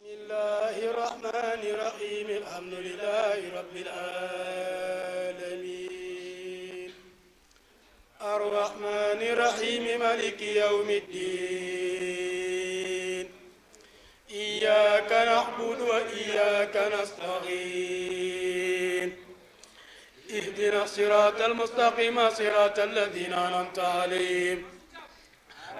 bismillahi rahmani rahim alhamdulillahi rabbil alamin arrahmani rahim maliki yawmi ddin iyyaka na'budu wa iyyaka nasta'in ihdina siratal mustaqima siratal ladina an'amta alayhim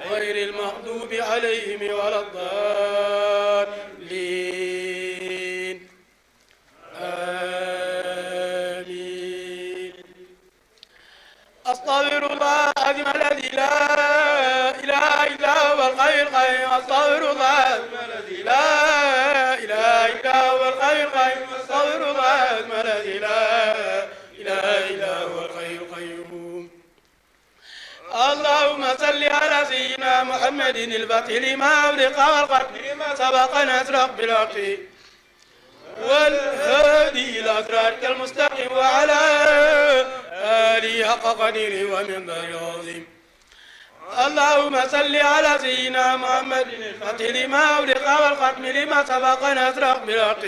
غير المغضوب عليهم ولا الضالين آمين أستغفر الله العظيم الذي لا إله إلا هو الحي القيوم أستغفر الله الذي لا إله إلا هو الحي القيوم أستغفر الله الذي لا إله إلا هو الحي اللهم صل على سيدنا محمد الفتح لما أغلق والقتل لما سبق نسرق بالوقت والهادي إلى صراطك المستقيم وعلى آله حق قديره ومنبره عظيم اللهم صل على سيدنا محمد الفتح لما أغلق والختم لما سبق نسرق بالوقت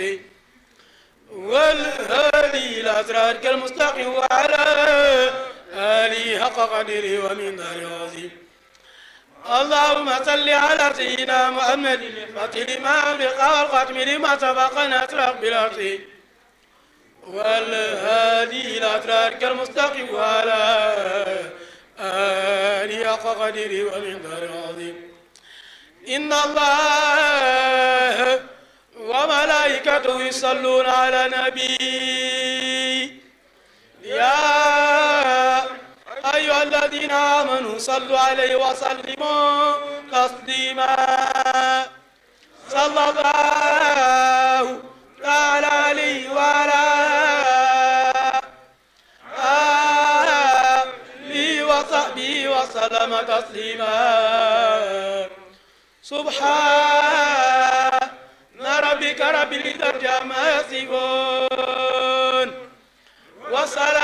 والهادي إلى صراطك المستقيم وعلى آله آله حق قدره ومقداره العظيم اللهم صل على سيدنا محمد الفتح لما أغلق والختم لما سبق نصر بالأرض والهادي إلى أسرارك المستقيم وعلى آله حق قدره ومقداره العظيم إن الله وملائكته يصلون على نبي يا أيها الذين آمنوا صلوا عليه وسلموا تسليما صلى الله تعالى عليه وعلى آله وصحبه وسلم تسليما سبحان ربك رب العزة عما يصفون وسلام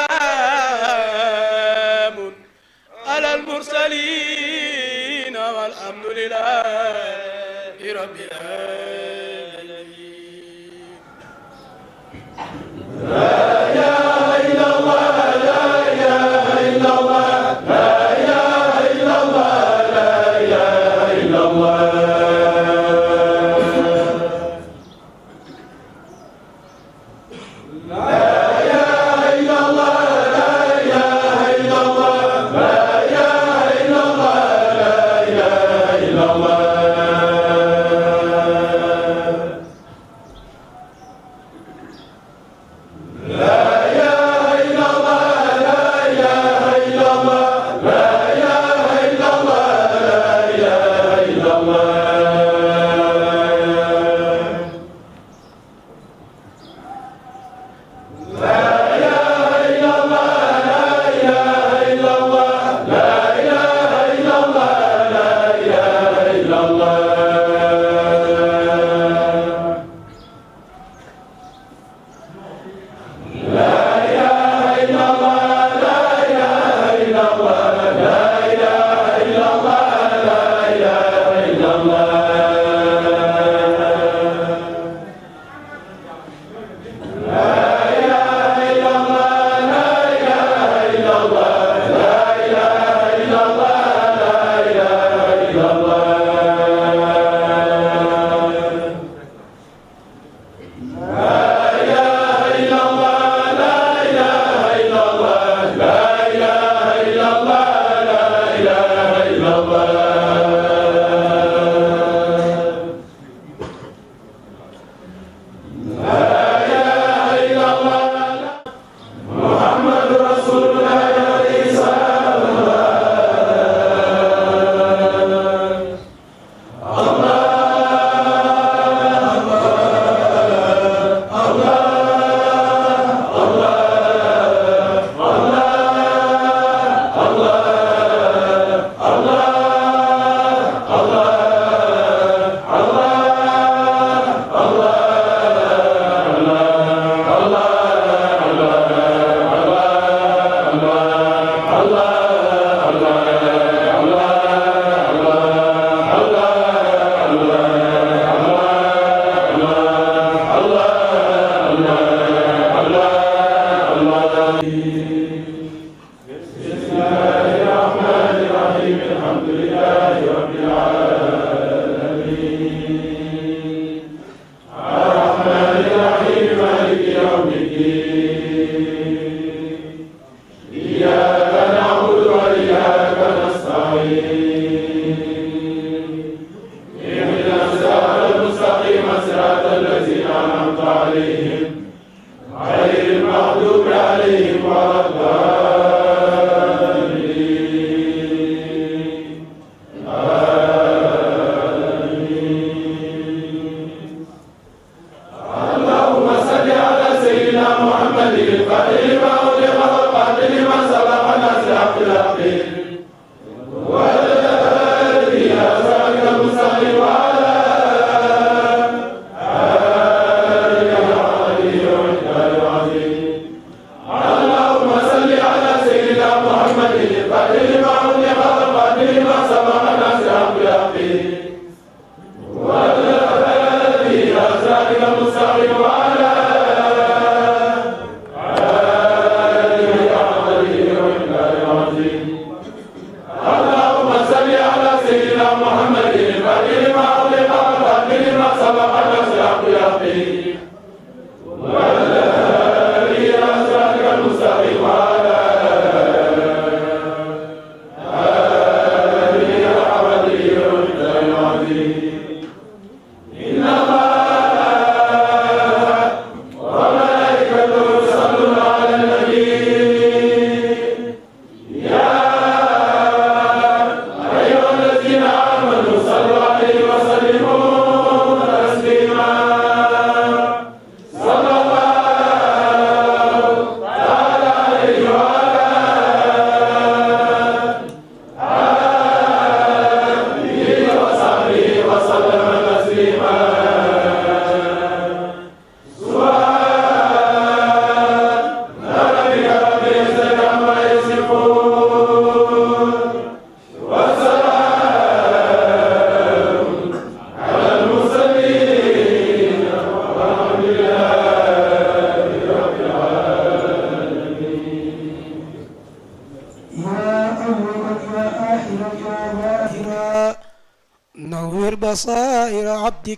المرسلين والحمد لله رب العالمين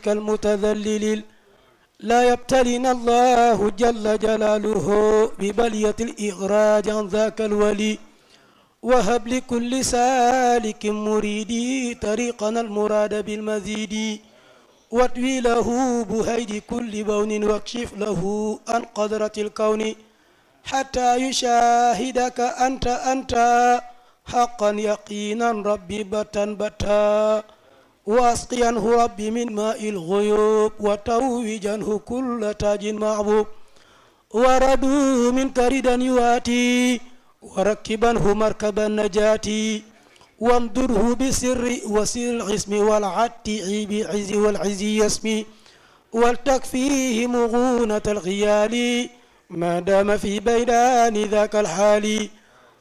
ذلك المتذلل لا يبتلنا الله جل جلاله ببلية الإغراج عن ذاك الولي وهب لكل سالك مريدي طريقنا المراد بالمزيد واتوي له بهيد كل بون واكشف له عن قدرة الكون حتى يشاهدك أنت أنت حقا يقينا ربي بتا بتا واسقينه ربي من ماء الغيوب وتوجنه كل تاج معبوب وردوا من كردا يواتي وركبنه مركب النجاة وامدره بسر وسر العصم والعت بعز والعز يسمي ولتكفيه مغونة الغيال ما دام في بيدان ذاك الحال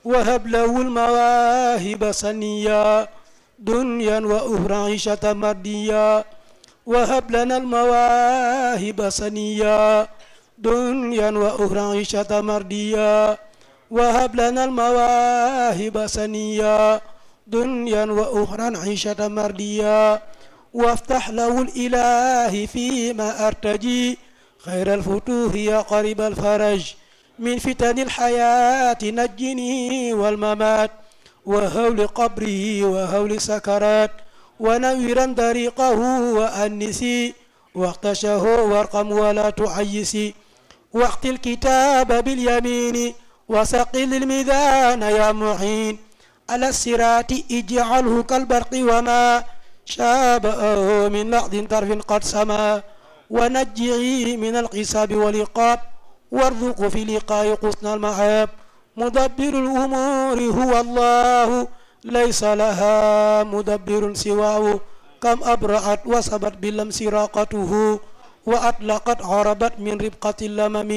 وهب له المواهب سنيا دنيا وأخرى عيشة مرديا وهب لنا المواهب سنيا دنيا وأخرى عيشة مرديا وهب لنا المواهب سنيا دنيا وأخرى عيشة مرديا وافتح له الإله فيما أرتجي خير الفتوح يا قريب الفرج من فتن الحياة نجني والممات وهول قبره وهول سكرات ونوراً طريقه وأنسي واختشه وارقم ولا تعيسي واخت الكتاب باليمين وسقل الميزان يا معين على الصراط اجعله كالبرق وما شابه من لحظ طرف قد سما ونجعه من القساب والعقاب وارزق في لقاء قصنا المعاب مدبر الأمور هو الله ليس لها مدبر سواه كم أبرأت وسبت باللمس راقته وأطلقت عربت من ربقة اللمم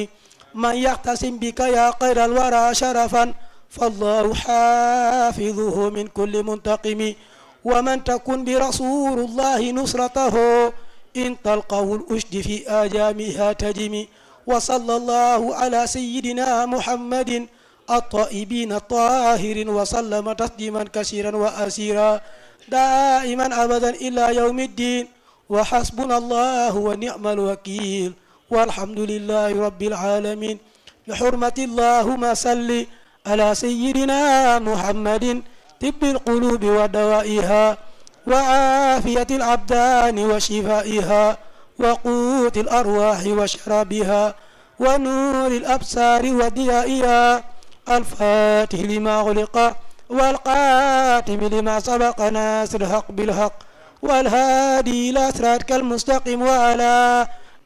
من يعتصم بك يا خير الورى شرفا فالله حافظه من كل منتقم ومن تكن برسول الله نصرته إن تلقوا الأشد في آجامها تجم وصلى الله على سيدنا محمد الطائبين الطاهر وسلم تسليما كثيرا وأسيرا دائما أبدا إلى يوم الدين وحسبنا الله ونعم الوكيل والحمد لله رب العالمين بحرمة اللهم صل على سيدنا محمد طب القلوب ودوائها وعافية الأبدان وشفائها وقوت الأرواح وشرابها ونور الأبصار وديائها الفاتح لما غلق والقاتم لما سبق ناصر الحق بالحق والهادي إلى صراطك المستقيم وعلى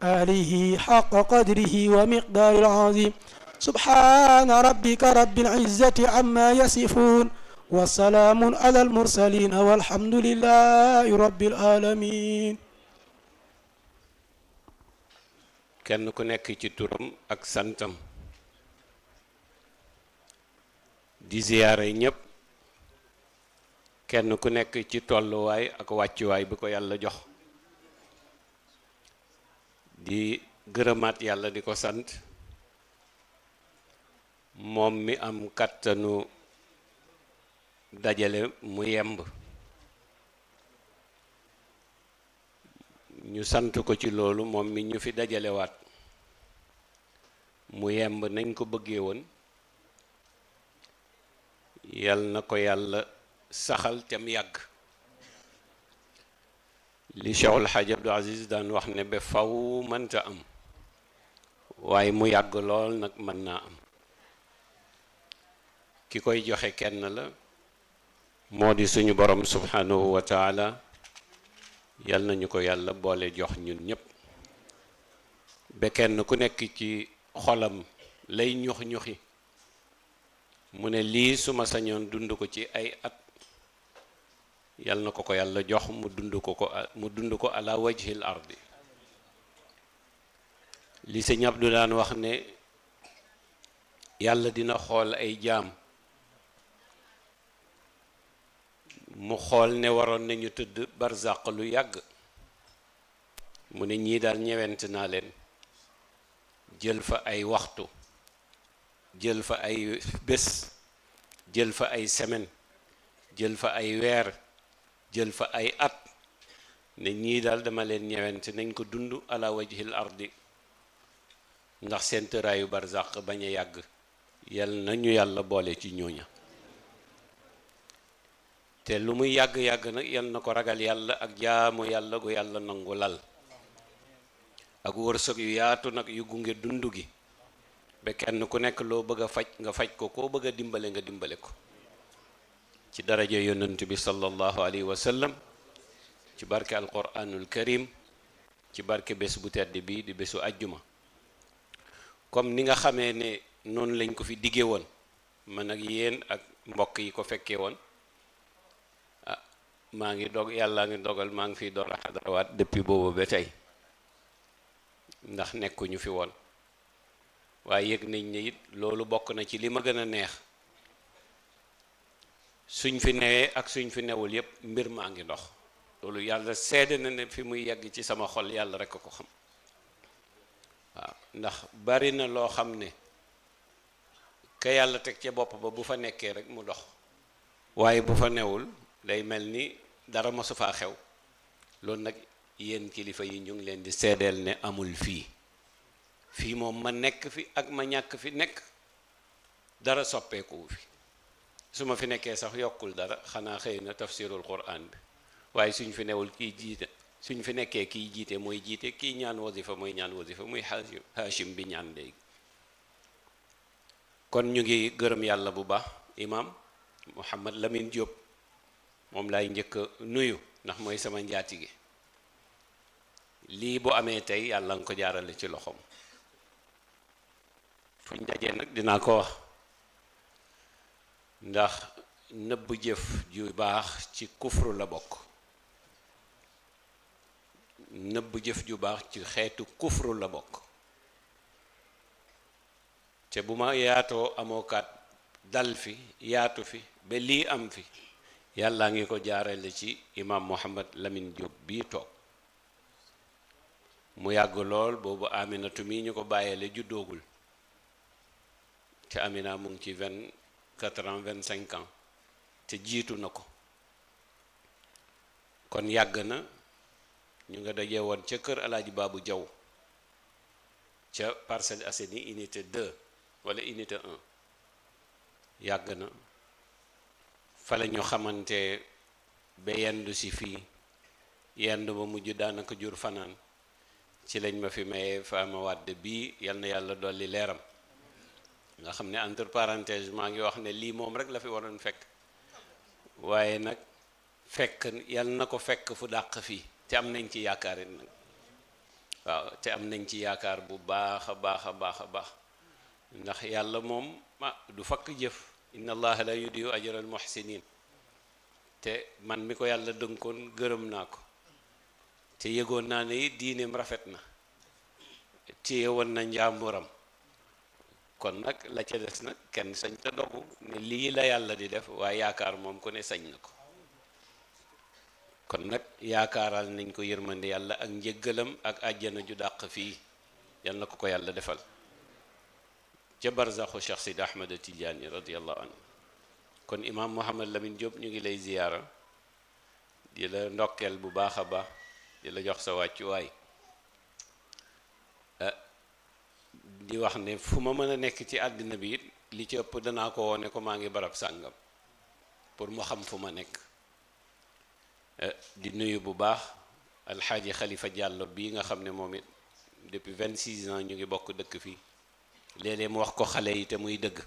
آله حق قدره ومقدار العظيم سبحان ربك رب العزة عما يصفون وسلام على المرسلين والحمد لله رب العالمين kenn ku nekk ci turam ak santam di ziyaare ñëpp kenn ku nekk ci tolluwaay ak wàccuwaay bi ko yàlla jox di gërëmaat yàlla di ko sant moom mi am kàttanu dajale mu yemb ñu sant ko ci loolu moom mi ñu fi dajalewaat mu yemb nañ ko bëggee woon yal na ko yàlla saxal cam yàgg li Cheikhul Hadj Abdou Aziz daan wax ne ba faw mën mënta am waaye mu yàgg lool nag mën naa am ki koy joxe kenn la moo di suñu boroom subhanahu wa taala yal nañu ko yàlla boole jox ñun ñépp ba kenn ku nekk ci xolam lay ñux ñuxi mu ne lii suma sañoon dund ko ci ay at yal na ko ko yàlla jox mu dund ko ko mu dund ko ala wajhil ardi li sëñ Abdu daan wax ne yàlla dina xool ay jaam mu xool ne waroon nañu tëdd barzaq lu yàgg mu ne ñii daal ñewent naa leen jël fa ay waxtu jël fa ay bés jël fa ay semen jël fa ay weer jël fa ay at ne ñii daal dama leen ñewente nañ ko dund ala wajhil ardi ndax seen tëraayu barzaq bañ a yàgg yal nañu yàlla boole ci ñooña te lu muy yàgg-yàgg nag yal na ko ragal yàlla ak jaamu yàlla gu yàlla nangu lal ak wërsëg yu yaatu nag yu gunge dund gi ba kenn ku nekk loo bëgg a faj nga faj ko koo bëgg a dimbale nga dimbale ko ci daraja yonent bi sallallahu alayhi wa sallam ci barke alquranul karim ci barke bés bu tedd bi di bésu ajjuma comme ni nga xamee ne noonu lañ ko fi diggee woon man ak yéen ak mbokk yi ko fekkee woon ah maa ngi dog yàlla ngi dogal maa ngi fiy door a xadarawaat depuis boobu ba tey ndax nekkuñu fi woon waaye yëg nañ ne it loolu bokk na ci li ma gën a neex suñ fi newee ak suñ fi newul yépp mbir maa ngi ndox loolu yàlla sedd na ne fi muy yàgg ci sama xol yàlla rek ko xam waaw ndax bari na loo xam ne ka yàlla teg ca bopp ba bu fa nekkee rek mu dox waaye bu fa newul day mel ni dara mosu faa xew loolu nag yéen kilifa yi ñu ngi leen di seedeel ne amul fii fii moom ma nekk fi ak ma ñàkk fi nekk dara soppeeku fi su ma fi nekkee sax yokkul dara xanaa xëy na tafsirul quran bi waaye suñ fi newul kiy jiite suñ fi nekkee kiy jiite mooy jiite kiy ñaan wasifa mooy ñaan wasifa muy hashim hashim bi ñaan léegi kon ñu ngi gërëm yàlla bu baax imaam Mouhamad lamin Diop moom laay njëkk nuyu ndax mooy sama njaati gi lii bu amee tey yàlla nga ko jaarale ci loxoom fuñ dajee nag dinaa ko wax ndax nëbb jëf ju baax ci kufru la bokk xeetu kufru la bokk te bu ma yaatoo amookat dal fi yaatu fi ba lii am fi yàllaa ngi ko jaarale ci imam Mohammad Lamine Diop bii toog mu yàgg lool boobu Aminatu mi ñu ko bàyyele ju doogul te Amina mu ci vingt quatre ans vingt cinq ans te jiitu na ko kon yàgg na ñu nga daje woon ca kër alaaji bu jaw ca parcelle Assainies unité 2 wala unité 1 yàgg na fale ñu xamante ba yendu si fii yendu ba mujj daanaka jur fanaan ci lañ ma fi maye faama wàdd bii yal na yàlla dolli leeram nga xam ne entre parenthèse maa ngi wax ne lii moom rek la fi waroon fekk waaye nag fekk yal na ko fekk fu dàq fii te am nañ ci yaakaar it nag waaw te am nañ ci yaakaar bu baax a baax a baax a baax ndax yàlla moom ah du fakk jëf inna allaha la yudiyu ajral muhsinin te man mi ko yàlla dënkoon gërëm naa ko te yëgoon naa ne it diineem rafet na téye woon na njàmburam kon nag la ca des nag kenn sañ te dogu ne lii la yàlla di def waaye yaakaar moom ku ne sañ na ko kon nag yaakaaral nañ ko yërmande yàlla ak njëggalam ak àjjana ju dàq fii yal na ko ko yàlla defal ca barzaxu Cheikh Sidi Ahmad Tidiane radiyallahu anhu kon imaam Mouhamed Lamine Diop ñu ngi lay ziyaara di la ndokkeel bu baax a baax di la jox sa wàccuwaay di wax ne fu ma mën a nekk ci àddina bi it li ci ëpp danaa ko woone ko maa ngi barab sàngam pour mu xam fu ma nekk eh, di nuyu bu baax alxaaji xalifa Diallo bii nga xam ne moom it depuis vingt-six ans ñu ngi bokk dëkk fii léeg-léeg mu wax ko xale yi te muy dëgg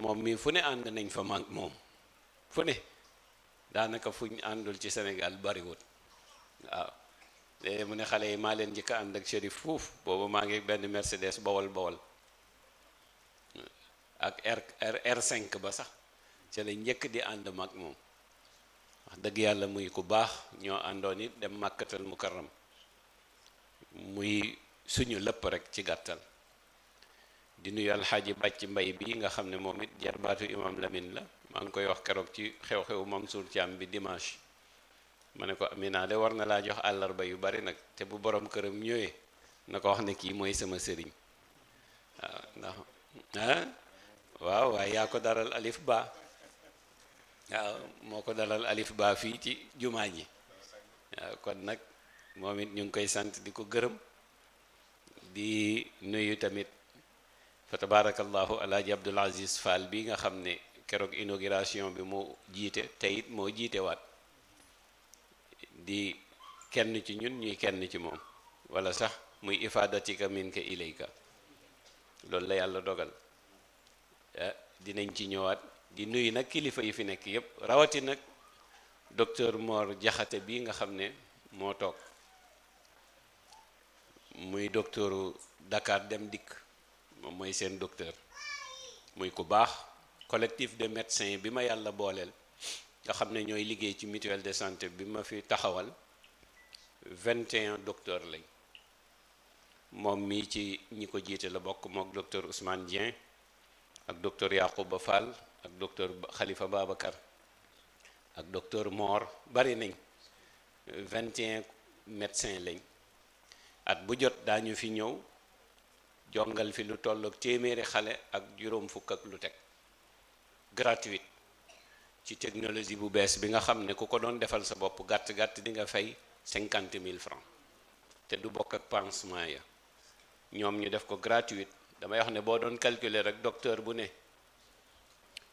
moom mii fu ne ànd nañ fa mag moom fu ne daanaka fuñ àndul ci senegal bariwut waaw léegi eh, mu ne xale yi maa leen njëkk a ànd ak shérif fuuf boobu maa ngi benn Mercedes bawal bawal ak R r ba sax ca la njëkk di ànd mag moom wax dëgg yàlla muy ku baax ñoo àndoon it dem màkkatal mukarram muy suñu lépp rek ci gàttal di nuyu alxaaji bàcc mbay bi nga xam ne moom it jarbaatu imam Lamine la maa ngi koy wax keroog ci xew-xewu Mansour Thiam bi dimanche ma ne ko Amina de war na laa jox àllarba yu bari nag te bu boroom këram ñëwee na ko wax ne kii mooy sama sëriñ waaw ah, waaye yaa ko daral alif ba moo ko daral alif baa fii ci jumaa ji waaw kon nag moom it ñu ngi koy sant di ko gërëm di nuyu tamit fa tabarakallahu alaaji abdul aziz fall bi nga xam ne keroog inauguration bi moo jiite te it moo jiite waat di kenn ci ñun ñuy kenn ci moom wala sax muy ifaadatika minka ilayka loolu la yàlla dogal dinañ ci ñëwaat di nuyu nag kilifa yi fi nekk yépp rawati nag docteur Mor Jaxate bi nga xam ne moo toog muy docteuru dakaar Dem Dikk moom mooy seen docteur muy ku baax collectif de médecins bi ma yàlla booleel te xam ne ñooy liggéey ci mutuelle de santé bi ma fi taxawal vingt et un docteur lañ moom mii ci ñi ko jiite la bokk mook docteur Ousmane Dieng ak docteur ba Fall ak docteur xalifa Babacar ak docteur moor bari nañ vingt et un médecin lañ at bu jot daañu fi ñëw jongal fi lu toll ak téeméeri xale ak juróom fukk ak lu teg gratuite ci technologie bu bees bi nga xam ne ku ko doon defal sa bopp gàtt gàtt di nga fay cinquante mille francs te du bokk ak pansement ya ñoom ñu def ko gratuite damay wax ne boo doon calculer rek docteur bu ne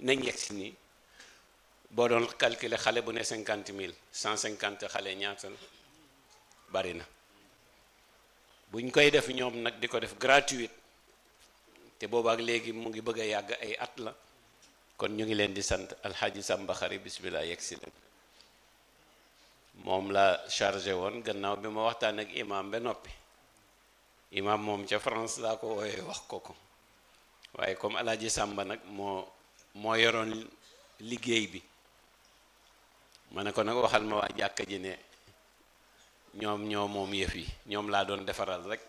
nañ yegg si nii boo doon calculer xale bu ne cinquante mille cent cinquante xale ñaata la bari na buñ koy def ñoom nag di ko def gratuite te boobaak léegi mu ngi bëgg a yàgg ay at la kon ñu ngi leen di sant alxaaji Samba Xari bisimilah yegg si leen moom la chargé woon gannaaw bi ma waxtaan ak imam ba noppi imam moom ca France laa ko wooyee wax ko ko waaye comme alaaji sàmba nag moo moo yoroon liggéey bi ma ne ko nag waxal ma waa jàkka ji ne ñoom ñoo moom yëf yi ñoom laa doon defaral rek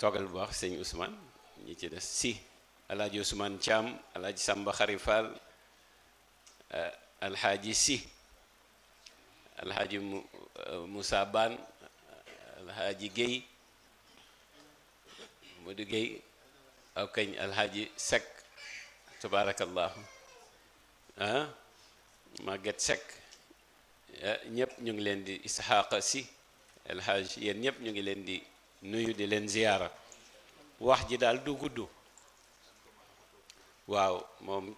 toogal bu wax sëñ Ousmane ñi ci des si alaaji Ousmane Thiam alaaji Samba Xari Fall eh, alxaaji si alxaaji eh, Moussa Ban alxaaji Guèye Modou Guèye aw kañ alxaaji sekk tabarakallahu ah Maguette Seck eh, ñëpp ñu ngi leen di Isxaaqa si alxaaji yéen ñëpp ñu ngi leen di nuyu di leen ziyaara wax ji daal du gudd waaw moom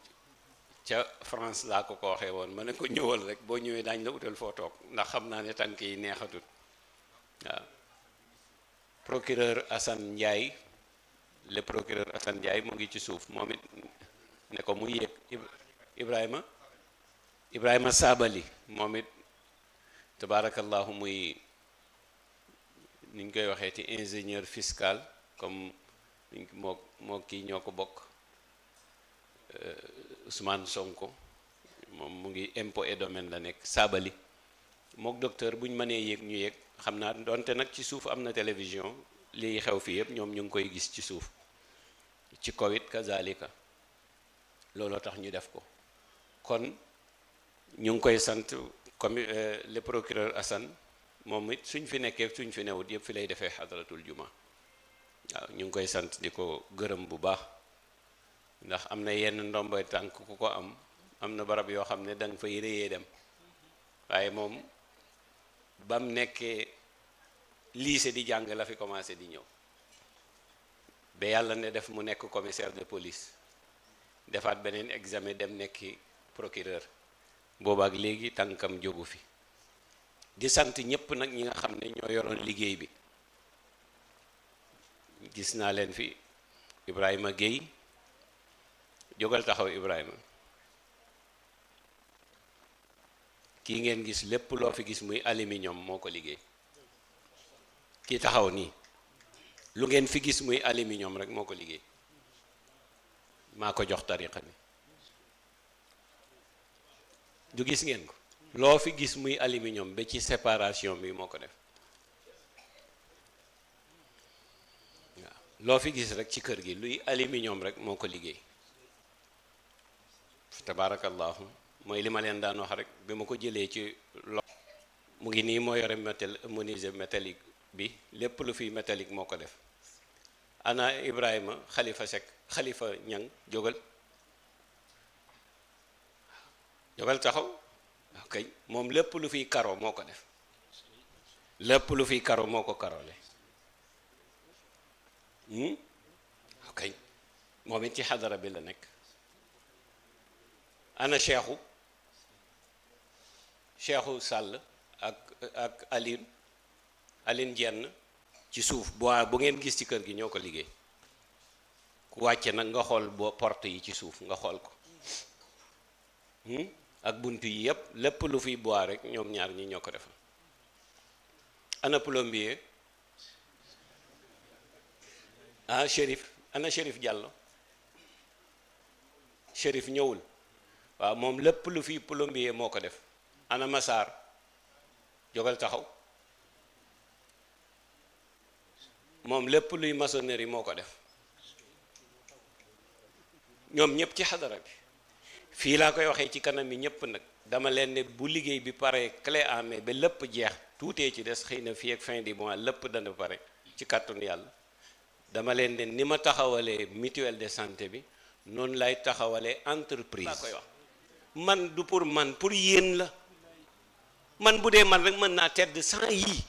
ca France laa ko ko waxee woon ma ne ko ñëwal rek boo ñëwee daañ la utal foo toog ndax xam naa ne tànk yi neexatut waaw procureur Assane Ndiaye le procureur Assane Ndiaye mu ngi ci suuf moom it ne ko mu yéeg Ibrahima Ibrahima Sabali moom it tabaarakallahu muy ni ñu koy waxee ci ingénieur fiscal comme moo moo kii ñoo ko bokk Euh, Ousmane Sonko moom mu ngi impôt et domaine la nekk saabali mook docteur buñ mënee yéeg ñu yéeg xam naa donte nag ci suuf am na télévision li xew fii yëpp ñoom ñu ngi koy gis ci suuf ci kowit kazalika looloo tax ñu def ko kon ñu ngi koy sant comme euh, le procureur Assane moom it suñ fi nekkee suñ fi newut yëpp fi lay defee xadaratul juma waaw ñu ngi koy sant di ko gërëm bu baax ndax am na yenn ndomboy tànk ku ko am am na barab yoo xam ne danga fay réyee dem waaye moom bam nekkee lycée di jàng la fi commencé di ñëw ba yàlla ne def mu nekk commissaire de police defaat beneen examen dem nekki procureur boobaak léegi tànkam jógu fi di sant ñëpp nag ñi nga xam ne ñoo yoroon liggéey bi gis naa leen fi Ibrahima Guèye jógal taxaw Ibrahima kii ngeen gis lépp loo fi gis muy aluminium moo ko liggéey kii taxaw nii lu ngeen fi gis muy aluminium rek moo ko liggéey maa ko jox tariqa bi du gis ngeen ko loo fi gis muy alimiñom ba ci separation bi moo ko def waaw loo fi gis rek ci kër gi luy aluminium rek moo ko liggéey tabaarakallaahu mooy li ma leen daan wax rek bi ma ko jëlee ci lo mu ngi nii moo yore métal menuisier bi lépp lu fi métallique moo ko def ana Ibrahima xalifa Seck xalifa ñang jógal jógal taxaw moom lépp lu fiy karo moo ko def lépp lu fiy karo moo ko karoole hmm? ok moom it ci xadara bi la nekk ana cheikhu cheikhu sàll ak ak Aline Aline jenn ci suuf bu bu ngeen gis ci kër gi ñoo ko liggéey ku wàcce nag nga xool bo porte yi ci suuf nga xool ko hmm? ak bunt yi yépp lépp lu fiy bois rek ñoom ñaar ñi ñoo ko defal ana plombier ah Chérif ana Chérif Diallo Chérif ñëwul waaw moom lépp lu fi plombier moo ko def ana masaar jogal taxaw moom lépp luy maçonnerie moo ko def ñoom ñëpp ci xadara bi fii laa koy waxee ci kanam yi ñëpp nag dama leen ne bu liggéey bi paree clé en main ba lépp jeex tuutee ci des xëy na fi ak fin di mois lépp dana pare ci kàttun yàlla dama leen ne ni ma taxawalee mutuelle de santé bi noonu lay taxawalee entreprise. laa koy man du pour man pour yéen la man bu dee man rek mën naa tedd sans yii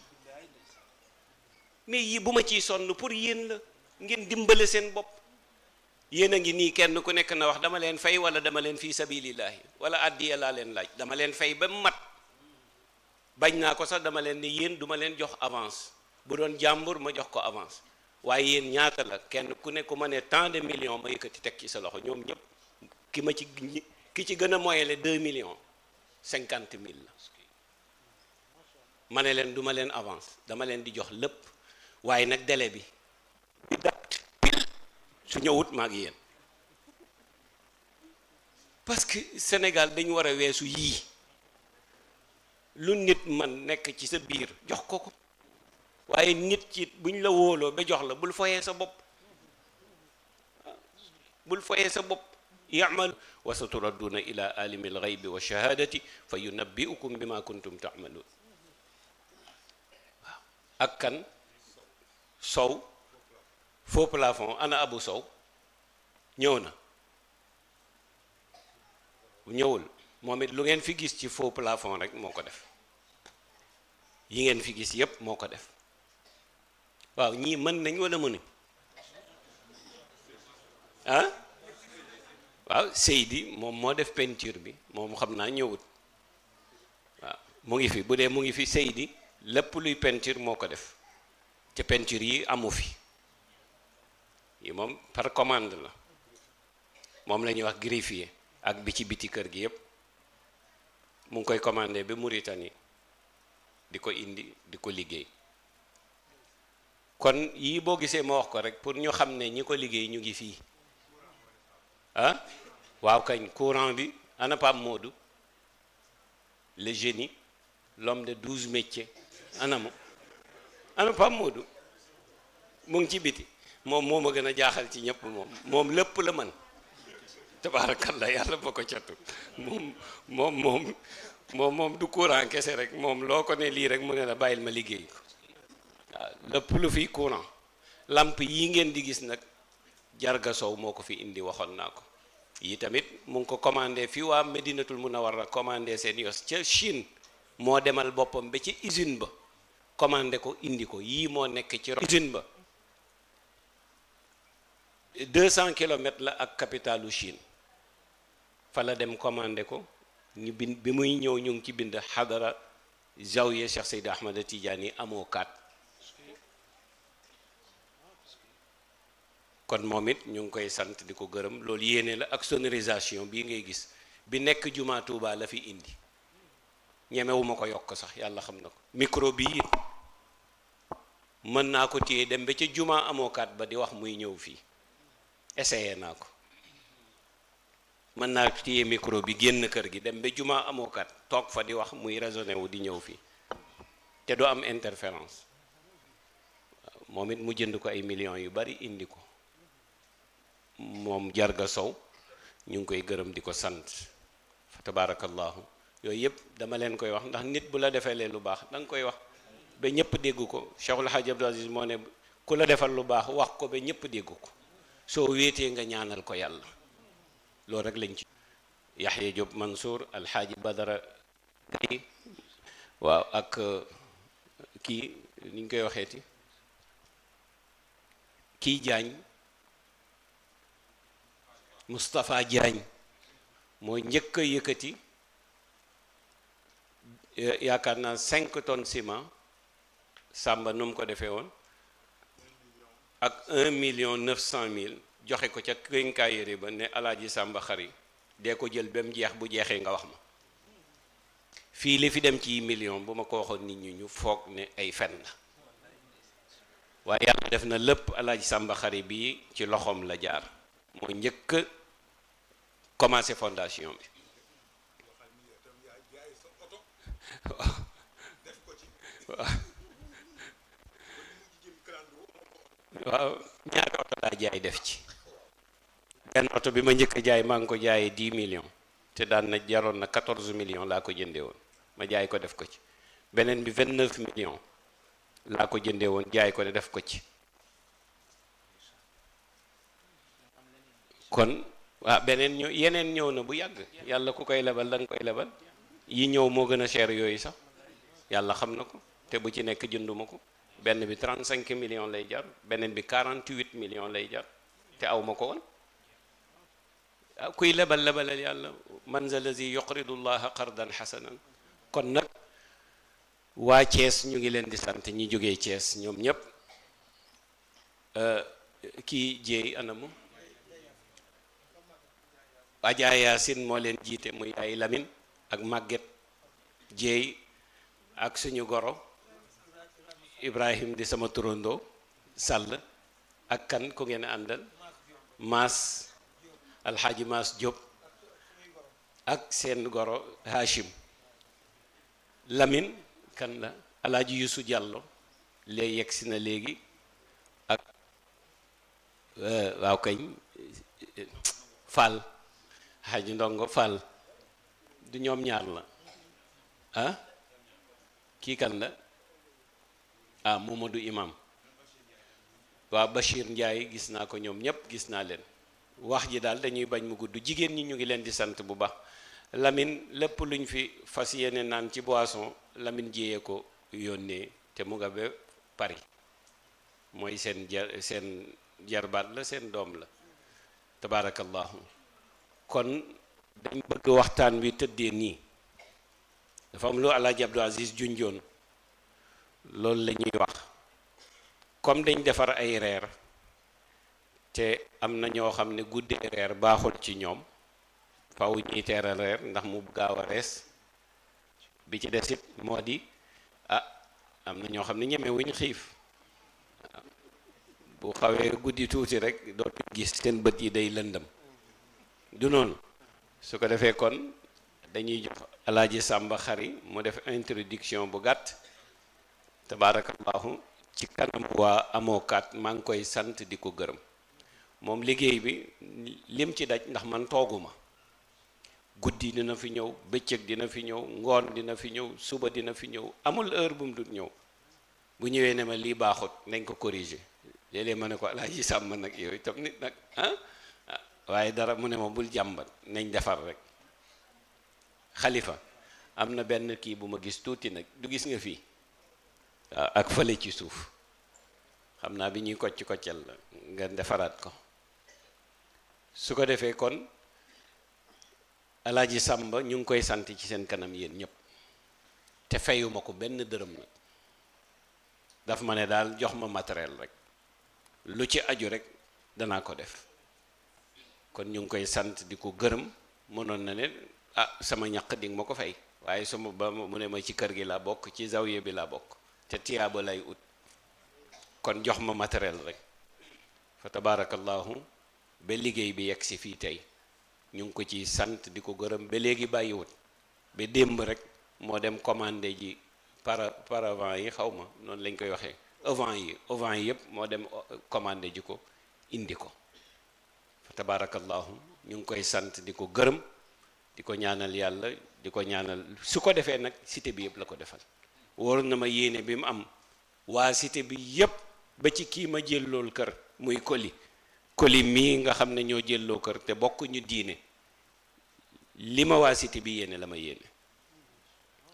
mais yii bu ma ciy sonn pour yéen la ngeen dimbale seen bopp yéen a ngi nii kenn ku nekk na wax dama leen fay wala dama leen fii sabilillahi wala addiya laa leen laaj dama leen fay ba mat bañ naa ko sax dama leen ne yéen duma leen jox avance bu doon jàmbur ma jox ko avance waaye yéen ñaata la kenn ku ne ku ma ne tant de million ma yëkkati teg ci sa loxo ñoom ñëpp ki ma ci ki ci gën a moyele deux millions cinquante mill la ma ne leen duma leen avance dama leen di jox lépp waaye nag délai bi bi date su ñëwut maag yéen parce que Sénégal dañu war a weesu yii lu nit man nekk ci sa biir jox ko ko waaye nit ci buñ la wóoloo ba jox la bul foyee sa bopp bul foyee sa bopp i'malu wa saturadduuna ila alimi alghaybi ak kan sow faux abu sow ñëw na ñëwul moom lu ngeen fi gis ci faux plafond moo ko def yi ngeen fi gis yépp moo ko def waaw ñii mën nañ wala mënuñ ah waaw Seydi moom moo def peinture bi moom xam naa ñëwut waaw mu ngi fi bu dee mu ngi fi Seydi lépp luy peinture moo ko def te peinture yi amu fi yi moom par commande la moom la ñuy wax greffier ak bi ci biti kër gi yépp mu ngi koy commandé bi Mauritanie di ko indi di ko liggéey kon yii boo gisee ma wax ko rek pour ñu xam ne ñi ko liggéey ñu ngi fii waaw kañ courant bi ana Pape Modou le génie l'homme de douze métiers ana ma modu Pape mu ngi ci biti moom moo ma gën a jaaxal ci ñëpp moom moom lépp la man tabaarakalla yàlla ba ko catu moom moom moom moom moom du courant kese rek moom loo ko ne lii rek mu ne la bàyyil ma liggéey ko waaw lu fiy courant lamp yi ngeen di gis nag jarga sow moo ko fi indi waxoon naa ko yii tamit mu ngi ko commandé fii waa Medinatul a commandé seen yos ca Chine moo demal boppam ba ci usine ba commandé ko indi ko yii moo nekk ci usine ba 200 kilomètres la ak capitalu Chine fa la dem commandé ko ñu bind bi muy ñëw ñu ngi ci bind xadara zawiya Cheikh Seydi Ahmad Tidiane amoo kaat kon moom it ñu ngi koy sant di ko gërëm loolu yéene la ak sonorisation bii ngay gis bi nekk jumaa Tuubaa la fi indi ñemewuma ko yokk sax yàlla xam na ko micro bi mën naa ko téye dem ba ca jumaa amookaat ba di wax muy ñëw fii essayé naa ko mën naa téye micro bi génn kër gi dem ba jumaa amookaat toog fa di wax muy raisonné wu di ñëw fii te du am interférence moom it mu jënd ko ay millions yu bari indi ko moom jarga sow ñu ngi koy gërëm di ko sant fa tabaarakallaahu yooyu yëpp dama leen koy wax ndax nit bu la defee leen lu baax da nga koy wax ba ñëpp dégg ko Cheikhul Hadj Abdou Aziz moo ku la defal lu baax wax ko ñëpp dégg ko soo wéetee nga ñaanal ko yàlla loolu rek lañ ci Yaxya Diop Mansour Alxaaji Badara Gaye waaw ak kii ni ñu koy waxeeti kii Jaañ Moustapha Diagne mooy njëkk a yaakaar naa cinq sàmba nu mu ko defee woon ak million neuf cent mille joxe ko ca kénkaayére ba ne alaaji sàmba xari dee ko jël bem jeex bu jeexee nga wax ma fii li dem ci million bu ma ko waxoon nit ñi ñu foog ne ay fen la waaye yàlla def na lépp alaaji sàmba xari bii ci loxoom la jaar moo njëkk commencé fondation bi waaw ñaari oto laa jaay def ci benn oto bi ma njëkk a jaay maa ngi ko jaayee dix million te daan na jaroon na quatorze million laa ko jëndee woon ma jaay ko def ko ci beneen bi vingt neuf millions laa ko jënde woon jaay ko ne def ko ci kon waaw ah, beneen ñëw yeneen ñëw na bu yàgg yàlla ku koy lebal da koy lebal yi ñëw moo gën a cher yooyu sax yàlla xam na ko te bu ci nekk jënduma ko benn bi 35 millions lay jar beneen bi 48 millions lay jar te aw ko woon ah, kuy lebal lebalal yàlla man za lazi yuqridu llaha qardan xasanan kon nag waa Cees ñu ngi leen di sant ñi jógee Cees ñoom ñépp ah, kii jéey anamu Adja Yaasin moo leen jiite muy ay lamin ak Maguette Dieye ak suñu goro Ibrahim di sama turando Sall ak kan ku ngeen àndal Maas Alxaaji Maas Diop ak seen goro Hachim Lamine kan la Alaaji Yusu Jàllo lee yegg si na léegi ak euh, waaw kañ euh, Fall xaji ndongo Fall du ñoom ñaar la ah kii kan la ah du Imam waa Bachir Ndiaye gis naa ko ñoom ñëpp gis naa leen wax ji daal dañuy bañ mu gudd jigéen ñi ñu ngi leen di sant bu baax Lamine lépp luñ fi fas yéene naan ci boisson Lamine jiyee ko yónnee te mu nga ba Paris mooy seen jar seen jarbaat la seen doom la tabaarakallahu kon dañ bëgg waxtaan wi tëdde nii dafa am lu Alaaji Abdou Aziz junjoon loolu la ñuy wax comme dañ defar ay reer te am na ñoo xam ne guddee reer baaxul ci ñoom faw ñuy reer ndax mu gaaw a rees bi ci desit moo di ah am na ñoo xam ne ñeme wuñ xiif bu xawee guddi tuuti rek dootuñ gis seen bët yi day lëndam du noonu su ko defee kon dañuy jox alaaji sàmba xari mu def introduction bu gàtt tabaarakallahu ci kanam waa amookaat maa ngi koy sant di ko gërëm moom liggéey bi lim ci daj ndax man tooguma guddi dina fi ñëw bëccëg dina fi ñëw ngoon dina fi ñëw suba dina fi ñëw amul heure bu mu dul ñëw bu ñëwee ne ma lii baaxut nañ ko corriger léeg-léeg ma ne ko alaaji sàmba nag yooyu tam nit nag ah waaye dara mu ne ma bul jàmbat nañ defar rek xalifa am na benn kii bu ma gis tuuti nag du gis nga fii waaw ak fële ci suuf xam naa bi ñuy kocc koccal la nga defaraat ko su ko defee kon alaaji sàmba ñu ngi koy sante ci seen kanam yéen ñëpp te feyuma ko benn dërëm nag daf ma ne daal jox ma matériel rek lu ci aju rek danaa ko def kon ñu ngi koy sant di ko gërëm mënoon na ne ah sama ñaq di ma ko fay waaye sama ba mu ne ma ci kër gi laa bokk ci zawiya bi laa bokk te tiyaaba lay ut kon jox ma matériel rek fa tabarakallahu ba liggéey bi yegg si fii tey ñu ngi ko ci sant di ko gërëm ba léegi bàyyiwut ba démb rek moo dem commandé ji par paravent yi xaw ma noonu lañ koy waxee avant yi avant yi yëpp moo dem commandé ji ko indi ko tabaarakallaahu ñu ngi koy sant di ko gërëm di ko ñaanal yàlla di ko ñaanal su ko defee nag cité bi yëpp la ko defal wóor na ma yéene bi mu am waa cité bi yëpp ba ci kii ma jël loolu kër muy koli koli mii nga xam ne ñoo jëlloo kër te bokk diine li ma waa bi yéene la ma yéene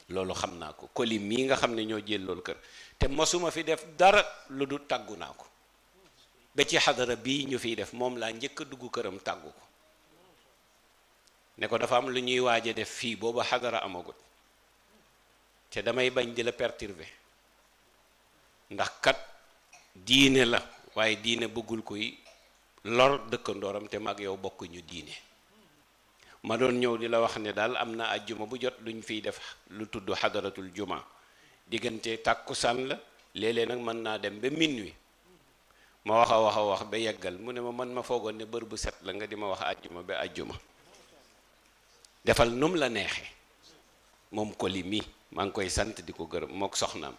loolu xam naa ko koli mii nga xam ne ñoo jëllool kër te mosuma fi def dara lu du tàggu naa ko ba ci xadara bii ñu fiy def moom laa njëkk a dugg këram tàggu ko ne ko dafa am lu ñuy waaja def fii booba xadara amagut te damay bañ di la perturber ndax kat diine la waaye diine bëggul kuy lor dëkkandooram te mag yow bokkuñu diine ma doon ñëw di la wax ne daal am na ajjuma bu jot lu ñu fiy def lu tudd xadaratul juma diggante tàkkusaan la léeg-léeg nag mën naa dem ba minuit ma wax a wax a wax ba yeggal mu ne ma man ma foogoon ne bër bu set la nga di ma wax àjjuma ba àjjuma defal num la neexe moom ko li mi maa ngi koy sant di ko gërëm mook soxnaam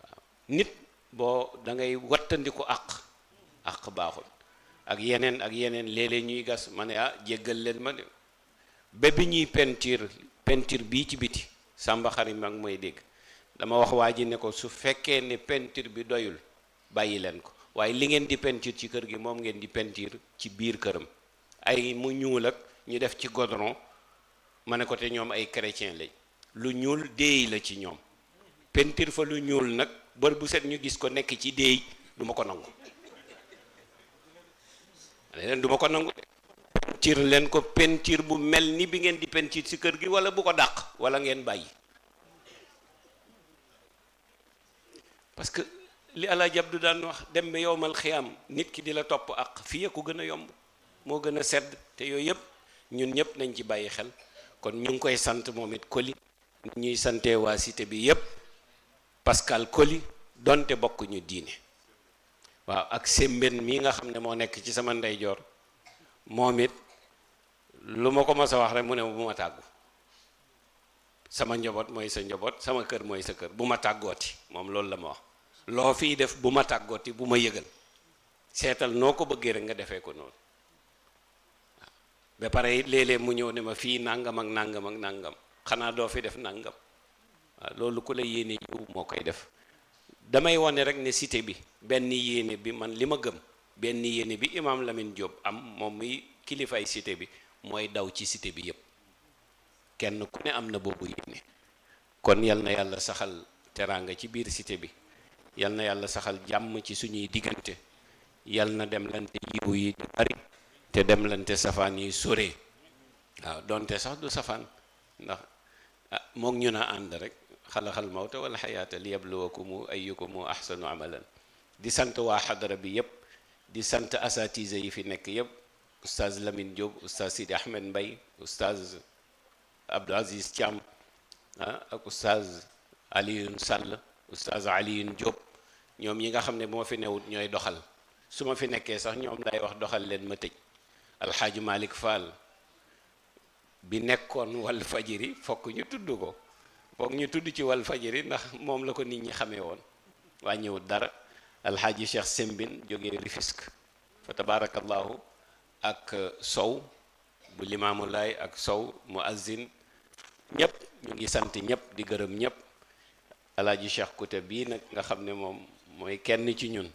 waaw nit boo dangay wattandiku àq àq baaxul ak yeneen ak yeneen léeg ñuy gas ma ne ah jéggal leen ma de ba bi ñuy peinture peinture bii ci biti sàmba xarit mag mooy dégg dama wax waa ji ne ko su fekkee ne peinture bi doyul bàyyi leen ko waaye li ngeen di peinture ci kër gi moom ngeen di pentiir ci biir këram ay mu ñuul ak ñu def ci godron ma ne ko te ñoom ay chrétien lañ lu ñuul déey la ci ñoom peinture fa lu ñuul nag bër bu set ñu gis ko nekk ci déey du ma ko nangu leen du ko nangu peinture leen ko peinture bu mel ni bi ngeen di peinture ci kër gi wala bu ko dàq wala ngeen bàyyi parce li Alaaji du daan wax dem ba yowmal xiyaam nit ki di la topp ak fii ku gën a yomb moo gën a sedd te yooyu yëpp ñun ñëpp nañ ci bàyyi xel kon ñu ngi koy sant moom it Koli ñuy sante waa cité bi yëpp Pascal Koli donte bokkuñu diine waaw ak Sembène mii nga xam ne moo nekk ci sama ndeyjoor moom it lu ma ko ma a wax rek mu ne bu ma tàggu sama njoboot mooy sa njaboot sama kër mooy sa kër bu ma tàggooti moom loolu la ma wax. loo fiy def bu ma tàggooti bu ma yëgal seetal noo ko bëggee rek nga defee ko noonu ba pare it léeg mu ñëw ne ma fii nangam ak nangam ak nangam xanaa doo fi def nangam waaw loolu ku la yéene yiw moo koy def damay wane rek ne cité bi benn yéene bi man li ma gëm benn yéene bi imaam lamin Diop am moom muy kilifaay cité bi mooy daw ci cité bi yépp kenn ku ne am na boobu yéene kon yal na yàlla saxal teraanga ci biir cité bi yal na yàlla saxal jàmm ci suñuy diggante yal na dem lante yiw yi di bari te dem lante safaan yi sore waaw donte sax du safaan ndax ah moog ñu na ànd rek xalaxal mawta wala xayaata li yabluwakumu ayyukumu ahsanu amalan di sant waa xadara bi yépp di sant asatise yi fi nekk yépp oustaz lamin Diop oustaz Sidi Ahmed Mbaye oustaz Abdou Aziz Thiam ah ak oustaz Alioune Sall oustaz ñoom ñi nga xam ne bu ma fi newut ñooy doxal su ma fi nekkee sax ñoom lay wax doxal leen ma tëj alxaaji malik Fall bi nekkoon wal fajiri fokk ñu tudd ko fokk ñu tudd ci wal fajiri ndax moom la ko nit ñi xamee woon waa ñëwut dara alxaaji Cheikh Sembin jógee Rufisque fa tabarakallahu euh, ak sow bu limaamulaay ak sow mu azin ñëpp ñu ngi sant ñëpp di gërëm ñépp alaaji Cheikh Kouté bii nag nga xam ne moom mooy kenn ci ñun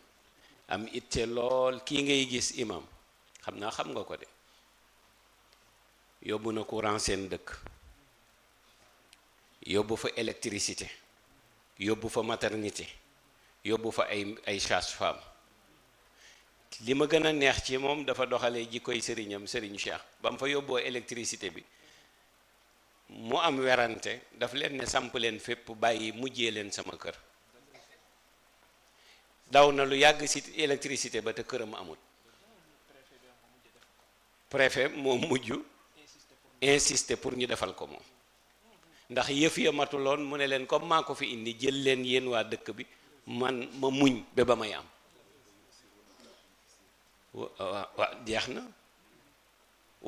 am itte lool kii ngay gis imam xam naa xam nga ko de yóbbu na courant seen dëkk yóbbu fa électricité yóbbu fa maternité yóbbu fa ay ay sage li ma gën a neex ci moom dafa doxalee jikkoy sëriñam sëriñ Cheikh ba mu fa yóbboo électricité bi mu am werante daf leen ne samp leen fépp bàyyi mujjee leen sama kër daw na lu yàgg si électricité ba te këram amul préfet moom mujj insisté pour ñu defal ko moom ndax yëf ya matuloon mu ne leen comme maa ko fi indi jël leen yéen waa dëkk bi man ma muñ ba ba may am waa jeex na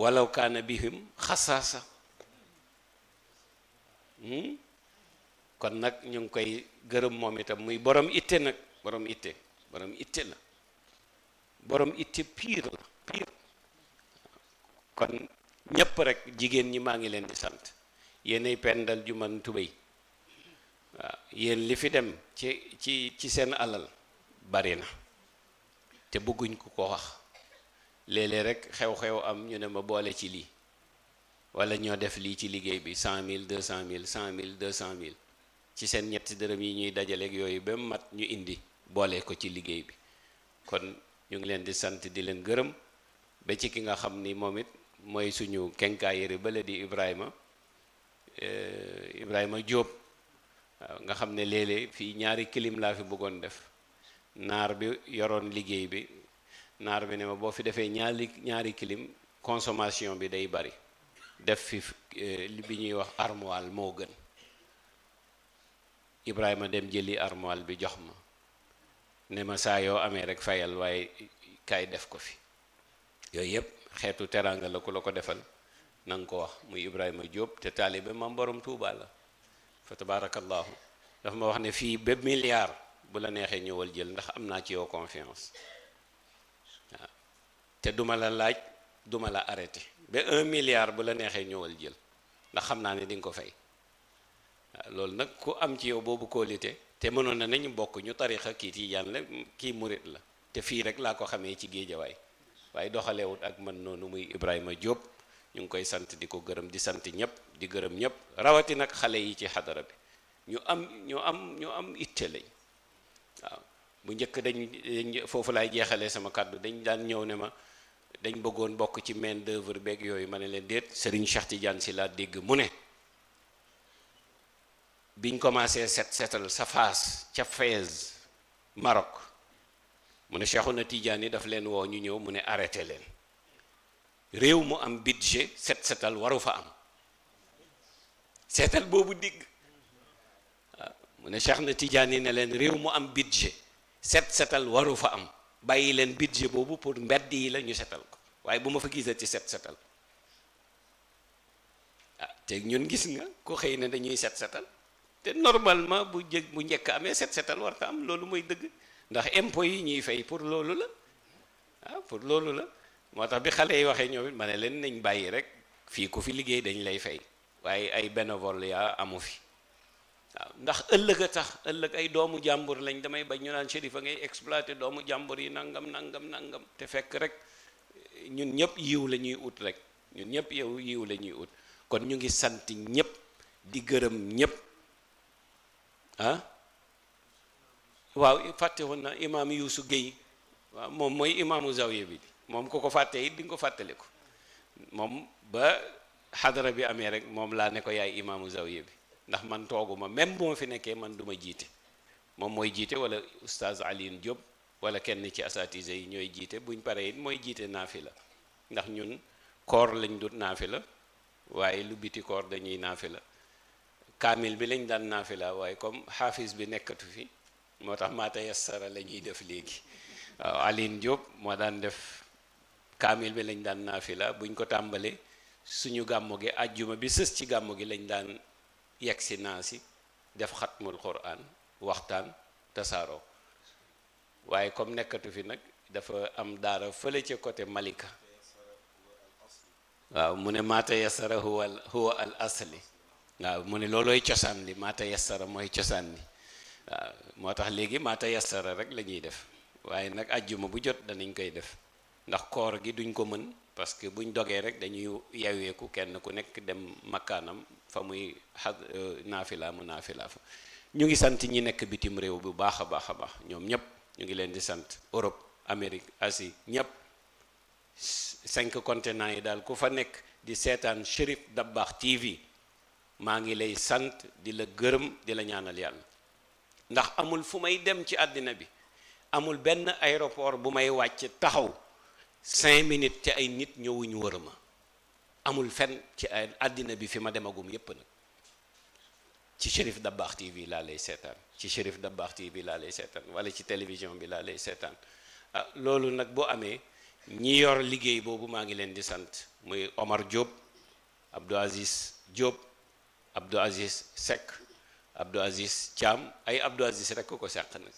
walaw kaana bihim xasaasa hmm? kon nag ñu ngi koy gërëm moom itam muy borom itte nag borom itte borom itte la borom itte pire la pire kon ñëpp rek jigéen ñi maa ngi leen di sant yéenay pendal ju man tubéy waaw yéen li fi dem ci ci ci seen alal bari na te bëgguñ ko ko wax léeg-léeg rek xew-xew am ñu ne ma boole ci lii wala ñoo def lii ci liggéey bi cent mille deux cent mille cent mille deux cent mille ci seen ñetti dërëm yi ñuy dajaleeg yooyu ba mat ñu indi boole ko ci liggéey bi kon ñu ngi leen di sant di leen gërëm ba ci ki nga xam ni moom it mooy suñu kenkaay kenkaayere bële di Ibrahima e, Ibrahima Diop waaw nga xam ne léeg-léeg fii ñaari kilim laa fi bëggoon def naar bi yoroon liggéey bi naar bi ne ma boo fi defee ñaari ñaari kilim consommation bi day bari def fi e, bi ñuy wax armoire moo gën Ibrahima dem jëli armoire bi jox ma ne ma saa yoo amee rek fayal waaye kaay def ko fi yooyu yëpp xeetu teraanga la ku la ko defal na nga ko wax muy Ibrahima jóob te taalibe ma borom Tuuba la fa tabaarakallaahu dafa ma wax ne fii bépp milliard bu la neexee ñëwal jël ndax am naa ci yow confiance te duma la laaj duma la arrêté ba un milliard bu la neexee ñëwal jël ndax xam naa ne dinga ko fay loolu nag ku am ci yow boobu kóolite te mënoon na nañu bokk ñu tarixa kii tijaan la kii murit la te fii rek laa ko xamee ci géejawaay waaye doxalewut ak man noonu muy Ibrahima Diop ñu ngi koy sant di ko gërëm di sant ñëpp di gërëm ñëpp rawati nag xale yi ci xadara bi ñu am ñu am ñu am itte lañ waaw bu njëkk dañ foofu laay jeexalee sama kàddu dañ daan ñëw ne ma dañ bëggoon bokk ci main d'œuvre beeg yooyu ma ne leen déet Serigne Cheikh Tidiane si laa dégg mu ne biñ commencé set setal sa safaas ca Fès marok mu ne Cheikhuna Tidiane daf leen woo ñu ñëw mu ne arrêté leen réew mu am budget set setal waru fa am seetal boobu digg ah, mu ne Cheikhuna Tidiane ne leen réew mu am budget set setal waru fa am bàyyi leen budget boobu pour mbedd yi la ñu setal ko waaye bu ma fa gisee ci set setal ah te ñun gis nga ko xëy na dañuy set setal te normalement bu jég bu njëkk amee set setal war am loolu mooy dëgg ndax impôts yi ñuy fay pour loolu la ah pour loolu la moo tax bi xale yi waxee ñoom it ma ne leen nañ bàyyi rek fii ku fi liggéey dañ lay fay waaye ay bénévole yaa amu fi waaw ndax ëllëg a tax ëllëg ay doomu jàmbur lañ damay bañ ñu naan Chérif a ngay exploité doomu jàmbur yi nangam nangam nangam te fekk rek ñun ñëpp yiw la ñuy ut rek ñun ñëpp yow yiw la ñuy ut kon ñu ngi sant ñëpp di gërëm ñëpp ah waaw fàtte woon na imaam Youssou Guèye waaw moom mooy imaamu zawiya bi moom ku ko fàtte it di nga ko fàttaliku moom ba xadara bi amee rek moom laa ne ko yaay imaamu zawiya bi ndax man tooguma même bu ma fi nekkee man duma jiite moom mooy jiite wala oustaz Alioune Diop wala kenn ci asatise yi ñooy jiite buñ pare it mooy jiite la ndax ñun koor lañ dut la waaye lu biti koor dañuy la kaamil bi lañ daan naafila waaye comme xaafis bi nekkatu fi moo tax maata yassara la def léegi waaw Aline Diop moo daan def kaamil bi lañ daan naafila buñ ko tàmbalee suñu gàmmu gi ajjuma bi sës ci gàmmu gi lañ daan yegg si naa si def xatmul quran waxtaan tasaaroo waaye comme nekkatu fi nag dafa am daara fële ca côté Malika waaw mu ne maata yasara huwa huwa al asli waaw mu ne loolooy cosaan li maata yassara mooy cosaan li waaw moo tax léegi maata yassara rek la ñuy def waaye nag ajjuma bu jot danañ koy def ndax koor gi duñ ko mën parce que buñ dogee rek dañuy yeweeku kenn ku nekk dem makkaanam fa muy xad euh, naafila mu naafila fa ñu ngi sant ñi nekk bitim réew bu baax a baax a baax ñoom ñëpp ñu ngi leen di sant Europe Amérique Asie ñëpp cinq continents yi daal ku fa nekk di seetaan Chérif Dabakh TV maa ngi lay sant di la gërëm di la ñaanal yàlla ndax amul fu may dem ci àddina bi amul benn aéroport bu may wàcc taxaw cinq minutes ci ay nit ñëwuñu wër ma amul fenn ci àddina bi fi ma demagum yépp nag ci Cherif Dabakh TV laa lay seetaan ci Cherif Dabakh TV laa lay seetaan wala ci télévision bi laa lay seetaan ah loolu nag boo amee ñi yor liggéey boobu maa ngi leen di sant muy Omar Diop Abdou Aziz Diop Abdou Aziz Seck Abdou Aziz Thiam ay Abdou Aziz rek ko seq na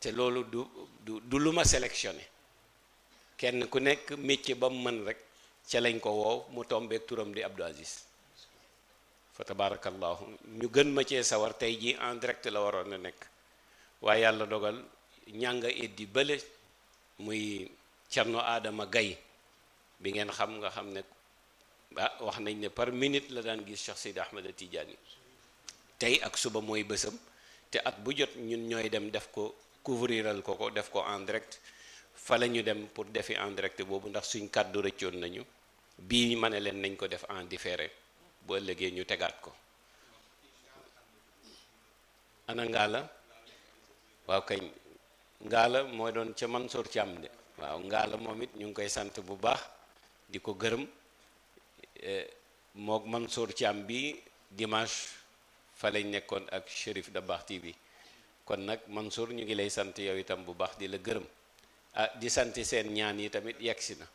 te loolu du du lu ma sélectionné kenn ku nekk métier ba mu mën rek ca lañ ko woow mu tombeek turam di Abdou Aziz fa tabarakallahu ñu gën ma cee sawar tey jii en direct la waroon a nekk waaye yàlla dogal ñànga eddi bële muy Cerno aadama gay bi ngeen xam nga xam ne ah wax nañ ne par minute la daan gis Cheikh Seydi Ahmed Tidiane tey ak suba mooy bësëm te at bu jot ñun ñooy dem def ko couvriral ko ko def ko en direct fa la ñu dem pour defi en direct boobu ndax suñ kàddu rëccoon nañu bii ma ne leen nañ ko def en différé bu ëllëgee ñu tegaat ko ana ngaala waaw kañ ngaala moo doon ca Mansour am de waaw ngaala moom it ñu ngi koy sant bu baax di ko gërëm Eh, mook Mansour Thiam bi dimanche fa lañ nekkoon ak Chérif Dabakh bi kon nag Mansour ñu ngi lay sant yow itam bu baax di la gërëm ah di sant seen ñaan yi tamit yegsi na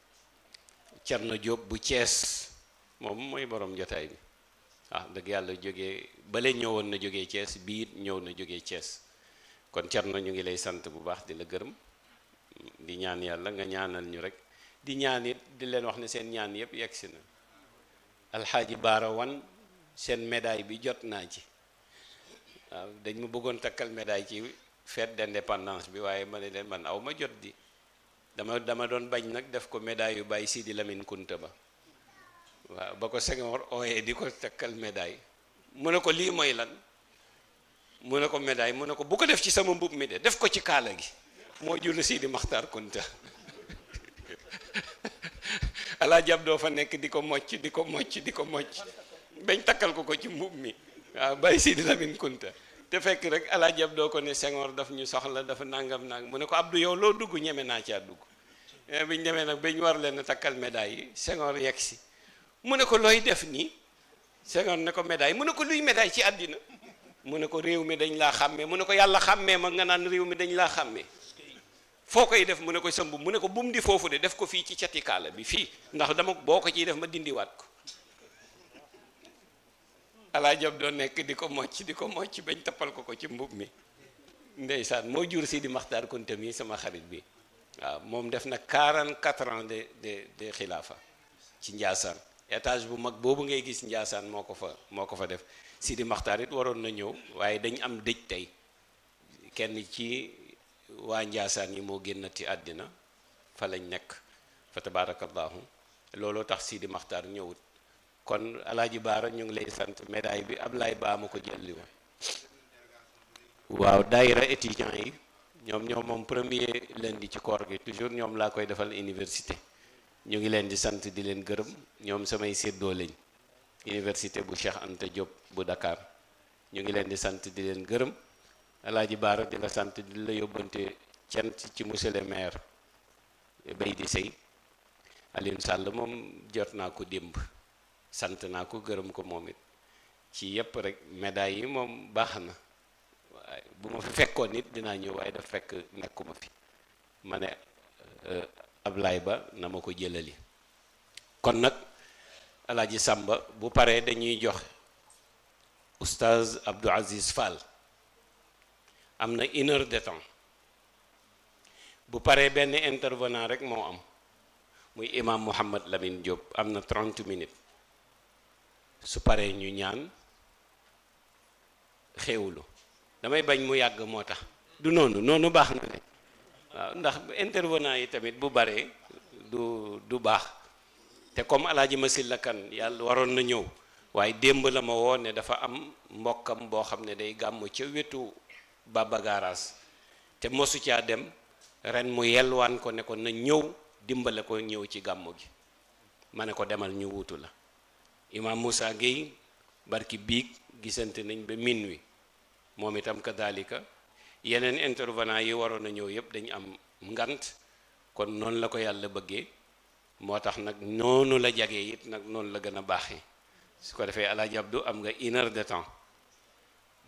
Thierno Diop bu Thiès moom mooy borom jotaay bi ah, dëgg yàlla jógee bale ñëwoon na jógee Thiès bii ñëw na jógee Thiès kon Thierno ñu ngi lay sant bu baax di la gërëm di ñaan yàlla nga ñaanal ñu rek di ñaan it di leen wax ne seen ñaan yëpp yegsi na alxaaji baara wan seen medaay bi jot naa ci waaw dañ ma bëggoon takkal médaille ci fête d'indépendance bi waaye ma ne leen man aw ma jot di dama dama doon bañ nag def ko médaille yu bàyyi Sidi Lamine Kunta ba waaw ba ko Senghor ooyee di ko takkal medaay mu ne ko lii mooy lan mu ne ko médaille mu ne ko bu ko def ci sama mbub mi de def ko ci kaala gi moo jur Sidi Maxtaar Kunta alaaji doo fa nekk di ko mocc di ko mocc di ko mocc bañ takkal ko ko ci mbubb mi waaw Baye Sidi Lamine Kunta te fekk rek alaaji doo ko ne Senghor daf ñu soxla dafa nàngam nangam mu ne ko Abdou yow loo dugg ñeme naa caa dugg eh, biñ demee nag bañ war leen a takkal médaille yi Senghor yekk si mu ne ko looy def nii Senghor ne ko médaille mu ne ko luy médaille ci àddina mu ne ko réew mi dañ laa xàmmee mu ne ko yàlla xàmmee ma nga naan réew mi dañ laa xàmmee foo koy def mu ne ko sëmb mu ne ko bum di foofu de def ko fii ci cati bi fii ndax dama boo ko ciy def ma dindiwaat ko alaa job nekk di ko mocc di ko mocc bañ tappal ko ko ci mbub mi ndeysaan moo jur si di maxtaar kontam yi sama xarit bi waaw moom def na 44 ans de de de xilaafa ci njaasaan étage bu mag boobu ngay gis njaasaan moo ko fa moo ko fa def si di maxtaar it waroon na ñëw waaye dañ am dëj tey kenn ci waa njaasaan yi moo génnati àddina fa lañ nekk fa tabaarakallaahu looloo tax sii di Maxtaar ñëwut kon alaaji baara ñu ngi lay sant médaille bi Ablaye Ba ma ko jëlli li waaw daayira étudiant yi ñoom ñoom moom leen di ci koor gi toujours ñoom laa koy defal université ñu ngi leen di sant di leen gërëm ñoom samay séddoo lañ université bu Cheikh Anta Diop bu Dakar ñu ngi leen di sant di leen gërëm Alaaji Baara di sant di la yóbbante cant ci monsieur le maire Baydi Sèye Alioune Sall moom jot naa ko démb sant naa ko gërëm ko moom it ci yépp rek médaille yi moom baax na waaye bu ma fi fekkoon nit dinaa ñëw waaye daf fekk nekkuma fi ma ne euh, Ablaye Ba na ma ko jëlali kon nag Alaaji Sàmba bu paree dañuy jox oustaz Abdou Aziz Fall am na une heure de temps bu paree benn intervenant rek moo am muy imam Mouhamad Lamine Diop am na 30 minutes su paree ñu ñaan xéewlu damay bañ mu yàgg moo tax du noonu noonu baax na ne waaw ndax intervenant yi tamit bu baree du du baax te comme alaaji ma la kan yàlla waroon na ñëw waaye démb la ma woo ne dafa am mbokkam boo xam ne day gàmm ca wetu Baba Garage te mosu caa dem ren mu yelwaan ko ne ko na ñëw dimbale ko ñëw ci gàmmu gi ma ne ko demal ñu wutu la Imam Moussa Gueye barki biig gisante nañ ba wi moom itam kadalika yeneen intervenant yi waroon a ñëw yëpp dañ am ngant kon noonu la ko yàlla bëggee moo tax nag noonu la jagee it nag noonu la gën a baaxee su ko defee Alaaji Abdu am nga une de temps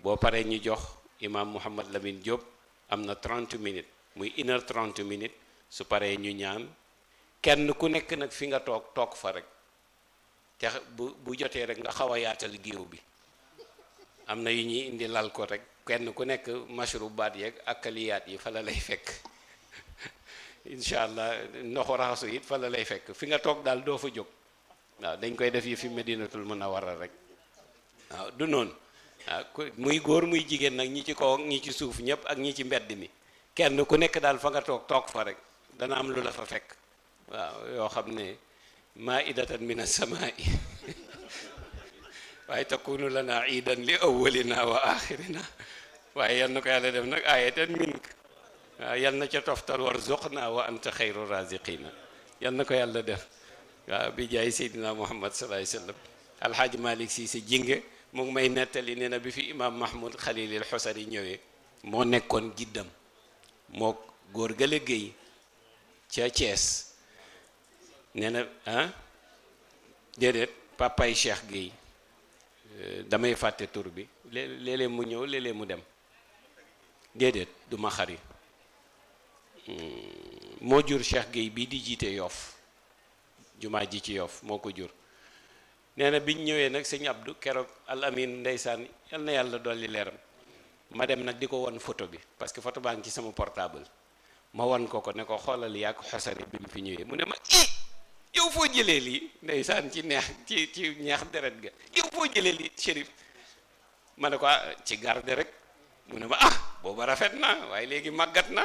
boo paree ñu jox imaam Mouhamad Lamine Diop am na 30 minutes muy une heure 30 minutes su paree ñu ñaan kenn ku nekk nag fi nga toog toog fa rek te bu bu jotee rek nga xaw a yaatal géew bi am na yu ñuy indi lal ko rek kenn ku nekk baat yeeg akaliyaat yi fa la lay fekk incha allah ndoxu raxasu it fa la lay fekk fi nga toog daal doo fa jóg waaw dañ koy def yi fi medinatul munawwara rek waaw du noonu ah muy góor muy jigéen nag ñi ci kaw ak ñi ci suuf ñëpp ak ñi ci mbedd mi kenn ku nekk daal fa nga toog toog fa rek dana am lu la fa fekk waaw yoo xam ne maa idatan min as-samaa'i waaye takunu lana iidan yal na ko yàlla def nag ayatan mink waaw yal na ca toftal warzuqna wa anta xayru raziqina yal na ko yàlla def waaw bi jaay seydina muhammad sallallahu alayhi wa sallam alxaaji malik si sa jinge mu ngi may nettali nee na bi fi imaam mahmoud xalilil xosari ñëwee moo nekkoon giddam moo góor ga liggéey ca Thiès nee na ah déedéet papay Cheikh Guèye euh, damay fàtte tur bi léeg-léeg mu ñëw léeg mu dem déedéet du ma hmm, moo jur Cheikh Guèye bii di jiite yoof jumaa ji ci Yoff moo ko jur nee na biñ ñëwee nag sëñ Abdou keroog al amin ndeysaan yal na yàlla dolli leeram ma dem nag di ko won photo bi parce que photo baa ngi ci sama portable ma won ko ko ne ko xoolal yàgg xosari bi mu fi ñëwee mu ne ma i yow foo jëlee lii ndeysaan ci neex ci ci ñeex deret ga yow foo jëlee lii Chérif ma ne ko ah, ci garde rek mu ne ma ah booba rafet na waaye léegi màggat na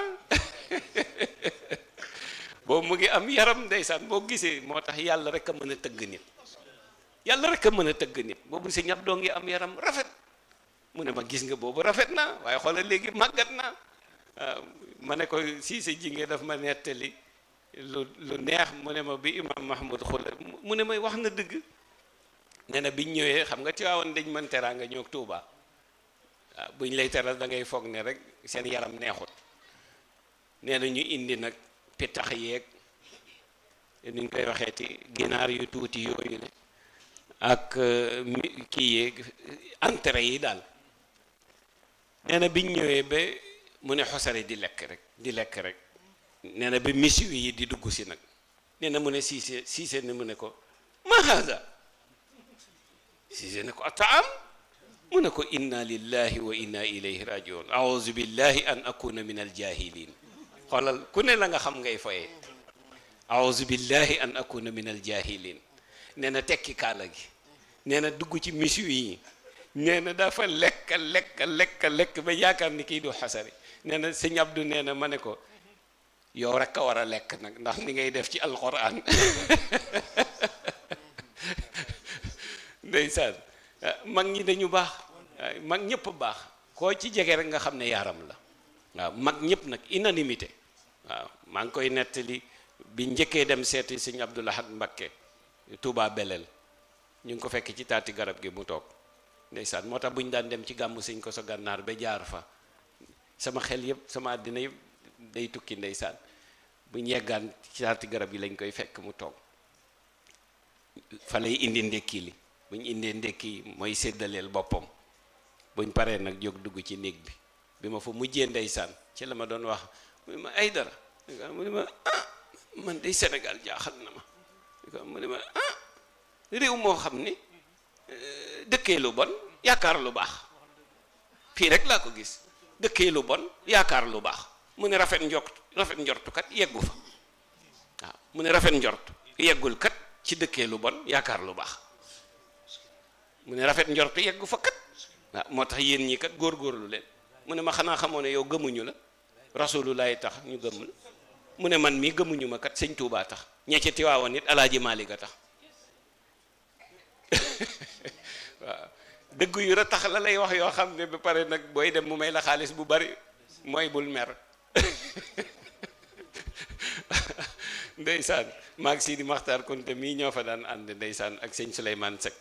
boobu mu ngi am yaram ndeysaan boo gisee moo tax yàlla rek a mën a tëgg nit yàlla rek a mën a tëgg nit boobu si ñab doo ngi am yaram rafet mu ne ma gis nga boobu rafet na waaye xoolal léegi màggat na ah, ma ne ko si si jingee daf ma nettali lu lu neex mu ne ma bi imam mahmoud xula mu ne may wax na dëgg nee na biñ ñëwee xam nga Tiwaawan dañ mën teraanga ñoog tuubaa ah, waaw buñ lay teral dangay foog ne rek seen yaram neexut nee na ñu indi nag pittax yeeg nuñ koy ti ginaar yu tuuti yooyu ne ak euh, kii yeeg entre yi daal nee na biñ ñëwee ba mu ne xosare di lekk rek di lekk rek nee na ba misiw yi di dugg si nag nee na mu ne siise siise ne mu ne ko ma haada siise ne ko ataam mu ne ko inna lillahi wa inna ilayhi rajiun aouzu billahi an akuna min aljahilin xoolal ku la nga xam ngay foyee aouzu billahi an akuna min nee na tekki kaala gi nee na dugg ci misiw yi nee na dafa lekk lekk lekk lekk ba yaakaar ni kii du xasari nee na sëñ Abdou nee na ma ne ko yow rek a war a lekk nag ndax ni ngay def ci alquran ndeysaan mag ñi dañu baax mag ñëpp baax koo ci jege rek nga xam ne yaaram la waaw mag ñépp nag unanimité waaw maa ngi koy nettali bi njëkkee dem seeti sëñ Abdoul Ahad Mbacké Touba Belel ñu ngi ko fekk ci taati garab gi mu toog ndeysaan moo tax bu ñu daan dem ci gàmmu sëñ ko sa gànnaar ba jaar fa sama xel yëpp sama àddina yëpp day tukki ndeysaan bu ñu yeggaan ci taati garab yi lañ koy fekk mu toog fa lay indi ndékki li bu ñu indee ndékki mooy séddaleel boppam buñ paree nag jóg dugg ci néeg bi bi ma fa mujjee ndeysaan ci la ma doon wax mu ne ma ay dara mu ne ma ah man day Sénégal jaaxal na ma mu ne ma ah réew moo xam ni euh, dëkkee lu bon yaakaar lu baax fii rek laa ko gis dëkkee lu bon yaakaar lu baax mu ne rafet njort rafet njortukat yeggu fa waaw mu ne rafet njort yeggul kat ci dëkkee lu bon yaakaar lu baax mu ne rafet njortu yeggu fa kat moo tax yéen ñi kat góor góorlu leen mu ne ma xanaa xamoo ne yow gëmuñu la yi tax ñu gëmul mu ne man mii gëmuñu ma kat sëñ Tuubaa tax ñee ci Tiwaawan nit alaaji Maalik a tax waaw dëgg yu ratax la lay wax yoo xam ne ba pare nag booy dem mu may la xaalis bu bari mooy bul mer ndeysaan maag Sidi Maxtaar Konte mii ñoo fa daan ànd ndeysaan ak sëñ Souleymane Seck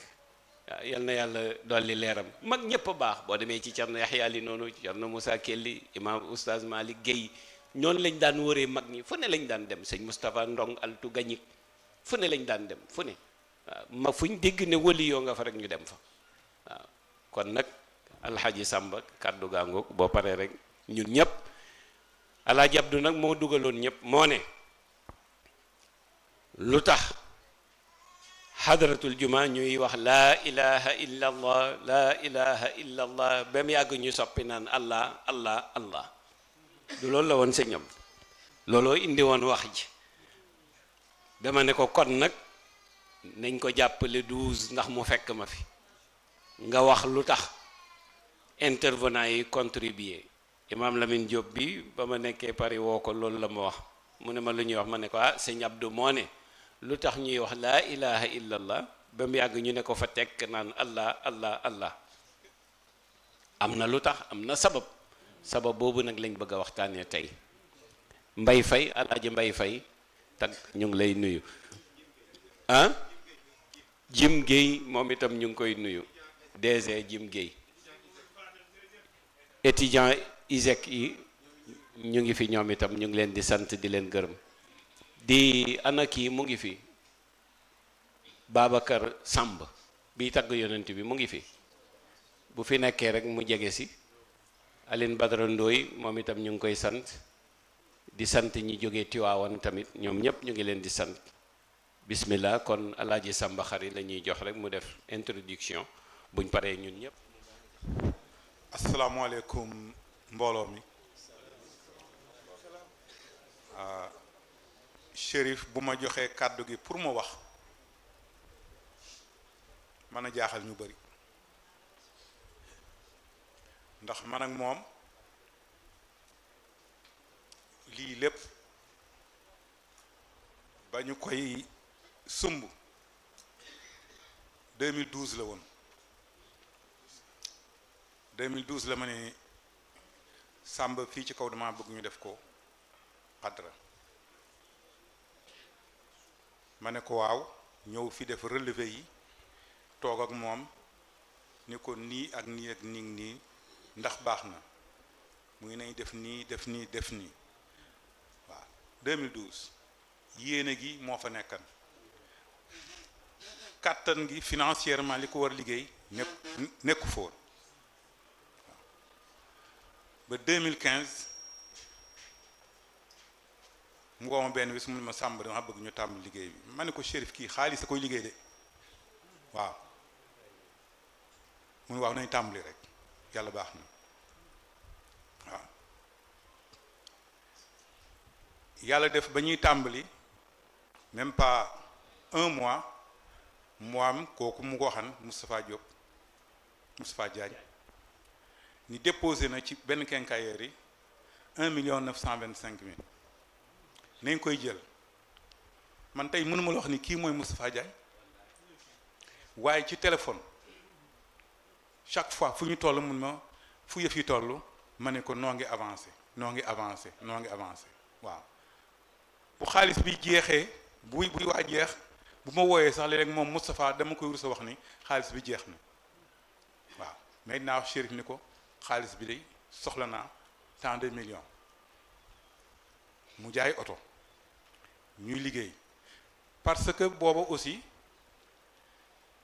waaw yal na yàlla dolli leeram mag ñépp a baax boo demee ci Cerno Yaxya li noonu Cerno Moussa Kelly imam Oustaz Malick Guèye ñoonu lañ daan wëree mag ñi fu ne lañ daan dem sëñ Moustapha Ndong Altu Gañik fu ne lañ daan dem fu ne ma fuñ dégg ne wëli nga fa rek ñu dem fa waaw kon nag alxaaji sàmba kàddu gaangoog boo paree rek ñun ñëpp alaaji abdu nag moo dugaloon ñëpp moo ne lu tax xadratul juma ñuy wax laa ilaha illa laa ilaha illa ba mu yàgg ñu soppi naan allah allah allah du loolu la woon sëñam looloo indi woon wax ji dama ne ko kon nag nañ ko jàppale douze ndax mu fekk ma fi nga wax lu tax intervenant yi contribuer imaam Lamine Diop bi ba ma nekkee Paris woo ko loolu la ma wax mu ne ma lu ñuy wax ma ne ko ah sëñ Abdou moo ne lu tax ñuy wax laa ilaha illallah ba mu yàgg ñu ne ko fa tekk naan allah allah allah am na lu tax am na sabab sabab boobu nag lañ bëgg a waxtaanee tey mbay fay alaaji mbay fay tag ñu ngi lay nuyu ah? Jim géey moom itam ñu ngi koy nuyu DG Jim géey étudiant ISEC yi ñu ngi fi ñoom itam ñu ngi leen di sant di leen gërëm di anaki mu ngi fi Babacar sàmb bi tagg yonent bi mu ngi fi bu fi nekkee rek mu jege si Aline Badara Ndoy moom itam ñu ngi koy sant di sant ñi jógee Tiwaawan tamit ñoom ñëpp ñu ngi leen di sant bismillah kon alaaji Samba Khary la ñuy jox rek mu def introduction buñ paree ñun ñëpp asalaamualeykum mbooloo mi ah, Chérif bu ma joxee kàddu gi pour mu wax mën a jaaxal ñu bari ndax man ak moom lii lépp ba ñu koy sumb 2012 la woon 2012 la ma ne sàmb fii ci kaw dama bëgg ñu def ko xatra ma ne ko waaw ñëw fi def relevé yi toog ak moom ni ko nii ak nii ak nii nii ndax baax na muy nañ def nii def nii def nii waaw 2012 yéene gi moo fa nekkan kàttan gi financièrement li ko war liggéey nekk nekku foon ba 2015 mu woo ma benn bis mu ne ma sàmb dama bëgg ñu tàmbali liggéey bi ma ne ko Chérif kii xaalis a koy liggéey de waaw mu ne waaw nañ tàmbali rek yàlla baax na waaw yàlla def ba ñuy tàmbali même pas un mois mu am kooku mu ko xam Moustapha Diop Moustapha Diagne ni déposé na ci benn quincaillerie yi un million neuf cent vingt cinq mille ngi koy jël man tey mënuma la wax ni kii mooy Moustapha Diagne waaye ci téléphone chaque fois fu ñu toll mun ma fu yëf yi toll ma ne ko noo ngi avancé noo ngi avancé noo ngi avancé waaw bu xaalis bi jeexee buy buy waa jeex bu ma wooyee sax léeg-léeg moom Moustapha dama koy rusa wax ni xaalis bi jeex na waaw mais naa wax Chérif ni ko xaalis bi de soxla naa tant de million mu jaay oto ñuy liggéey parce que booba aussi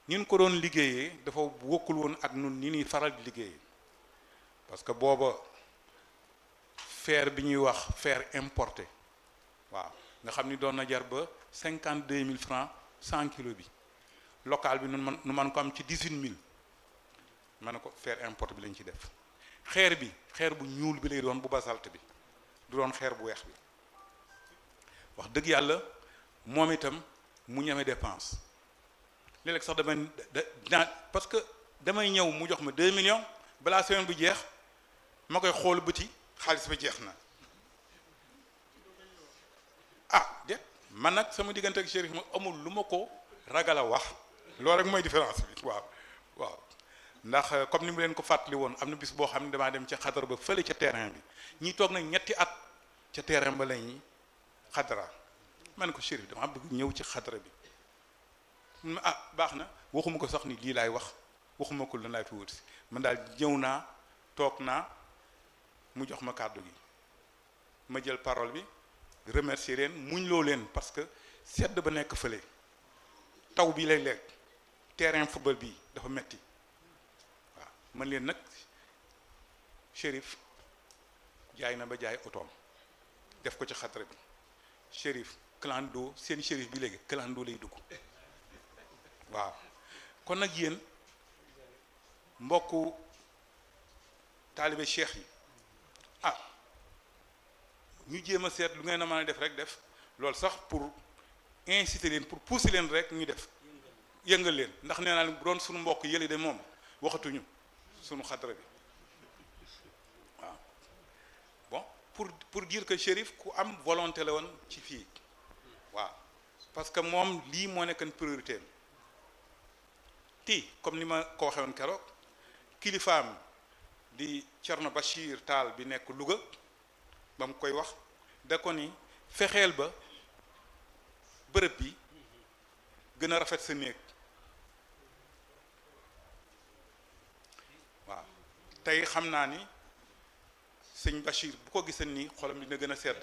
ñun ko doon liggéeyee dafa wokkul woon ak nun ni ñuy faral di liggéeyee parce que booba fer bi ñuy wax fer importé waaw nga xam ni doon na jar ba cinquante deux mille francs cent kilos bi local bi nu man nu man ko am ci mille ma ne ko faire importe bi lañ ci def xeer bi xeer bu ñuul bi lay doon bu basalte bi du doon xeer bu weex bi wax dëgg yàlla moom itam mu ñeme dépense léeg-léeg sax damay da parce que damay ñëw mu jox ma 2 millions balaa semaine bu jeex ma koy xool bëti xaalis bi jeex na ah man nag sama diggante ak Chérif ma amul lu ma ko ragal a wax loolu rek mooy différence bi waaw waaw ndax euh, comme ni mu leen ko fàttali woon am na bis boo xam ne damaa dem ca xadar ba fële ca terrain bi ñi toog nañ ñetti at ca terrain ba lañuy xadara man ko Chérif dama bëgg ñëw ci xadara bi mu ah baax na waxuma ko sax ni lii laay wax waxuma ko lan laay fi si man daal ñëw naa toog naa mu jox ma kàddu gi ma jël parole bi remercier leen muñ loo leen parce que sedd ba nekk fële taw bi lay lekk terrain football bi dafa metti waaw man leen nag shérif jaay na ba jaay otoom def ko ci xatra bi shérif clando seen shérif bi léegi clando lay dugg waaw kon nag yéen mbokk taalibe cheikh yi ah, ñu jéem a seet lu ngeen a mën a def rek def loolu sax pour inciter leen pour pousser leen rek ñu def yëngal leen ndax nee naa leen bu doon suñu mbokk yële de moom waxatuñu suñu xadra bi waaw bon pour pour dire ko Chérif ku am volonté la woon ci fii waaw parce que moom lii moo nekkoon priorité ti comme ni ma ko waxee woon keroog kilifaam di Thierno Bachir taal bi nekk Louga ba mu koy wax da ko ni fexeel ba bërëb bi gën a rafet sa néeg waaw tey xam naa ni sëñ Bachir bu ko gisee nii xolam dina gën a sedd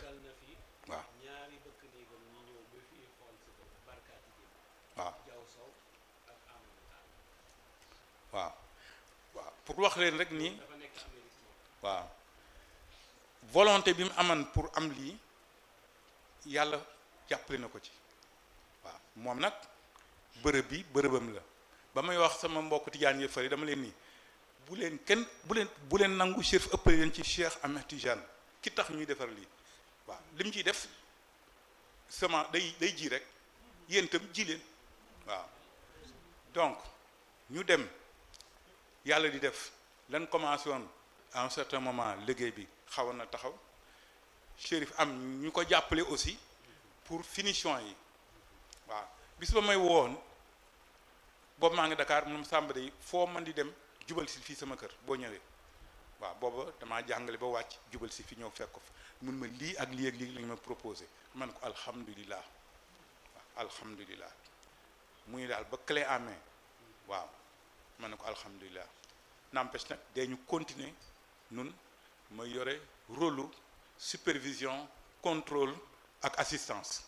waaw waaw waaw waaw pour wax leen rek nii waaw volonté bi mu amoon pour am lii yàlla jàppale na ko ci waaw moom nag bërëb bi bërëbam la ba may wax sama mbokk tijaan yi fari dama leen nii bu leen kenn bu leen bu leen nangu chérif ëpp leen ci Cheikh Ahmed Tidiane ki tax ñuy defar lii waaw li mu ciy def semence day day ji rek yéen itam leen waaw donc ñu dem yàlla di def lan commencé woon à un moment liggéey bi xawoon na taxaw Chérif am ñu ko jàppale aussi pour finition yi waaw bis ba may woon boobu maa ngi Dakar moom Samba day foo man di dem jubal si fii sama kër boo ñëwee waaw booba damaa jàngale ba wàcc jubal si fi ñëw fekk ko fi mun ma lii ak lii ak lii lañ ma proposé man ko alhamdulilah waaw alhamdulilah mu ngi daal ba clé en waaw man ne ko alhamdulilah n'empêche nag dañu continuer nun ma yore rôle supervision contrôle ak assistance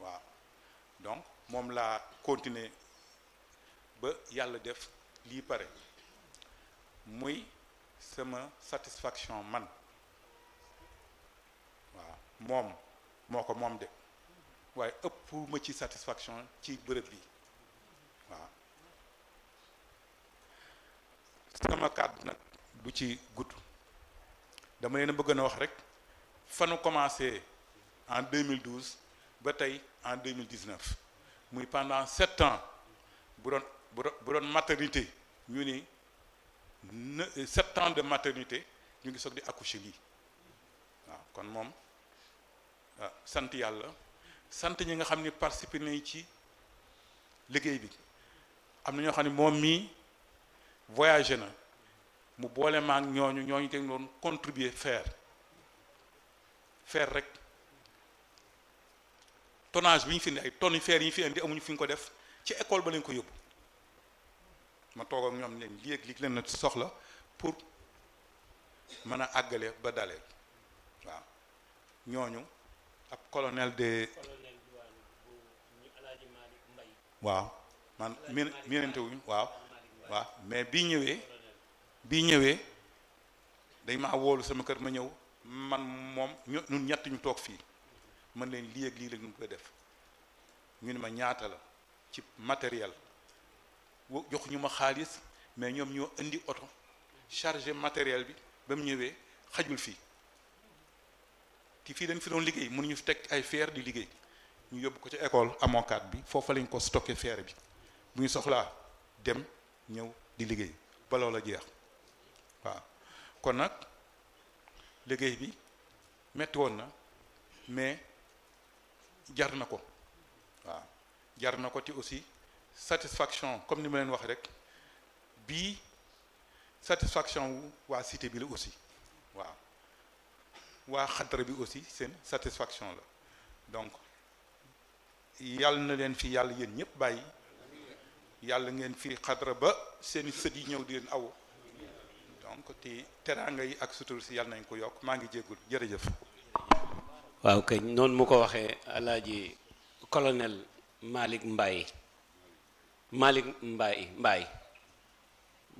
waaw donc moom laa continuer ba yàlla def lii pare muy sama satisfaction man waaw moom moo ko moom de waaye ëpp ma ci satisfaction ci bërëb bi waaw sama kàddu nag du ci gudd dama leen a bëgg na wax rek fanu commencé en 2012 ba tey en 2019 muy pendant sept ans bu doon bu doon bu doon maternité ñu ni septembre de maternité ñu ngi soog di accoucher lii waaw kon moom ah, sant yàlla sant ñi nga xam ni participer nañ ci liggéey bi am na ñoo xam ne moom mii voyagé na. mu boole maak ñooñu ñooñu dañ doon contribuer fair faire rek tonnage bi ñu fi indi ay tonnes fair yi ñu fi amuñu fi ñu ko def ci école ba lañ ko yóbbu ma toog ak ñoom leen lii ak lii leen na soxla pour mën a àggale ba dalee waaw ñooñu ab colonel de. waaw man miinante wuñu waaw mais bi ñëwee. bi ñëwee dañ maa woolu sama kër ma ñëw man moom ñun ñett ñu toog fii mën leen lii ak lii la ñu koy def ñu ne ma ñaata la ci matériel jox ñu ma xaalis mais ñoom ñoo indi oto chargé matériel bi ba mu ñëwee xajul fii te fii dañ fi doon liggéey mënuñu fi teg ay fer di liggéey ñu yóbbu ko ci école amokat bi foofu lañ ko stocké feere bi bu ñu soxlaa dem ñëw di liggéey ba loola jeex waaw kon nag liggéey bi metti woon na mais jar na ko waaw jar na ko ci aussi satisfaction comme ni ma leen wax rek bii satisfaction wu waa cité bi la aussi waaw waa xadra bi aussi seen satisfaction la donc yàlla na leen fi yàlla yéen ñëpp bàyyi yàlla ngeen fi xadra ba seen sët yi ñëw di leen aw donc ti teraanga yi ak sutur si yàlla nañ ko yokk maa ngi jéggul jërëjëf waaw kay noonu mu ko waxee alaaji kolonel malik Mbaye Malick Mbaye Mbaye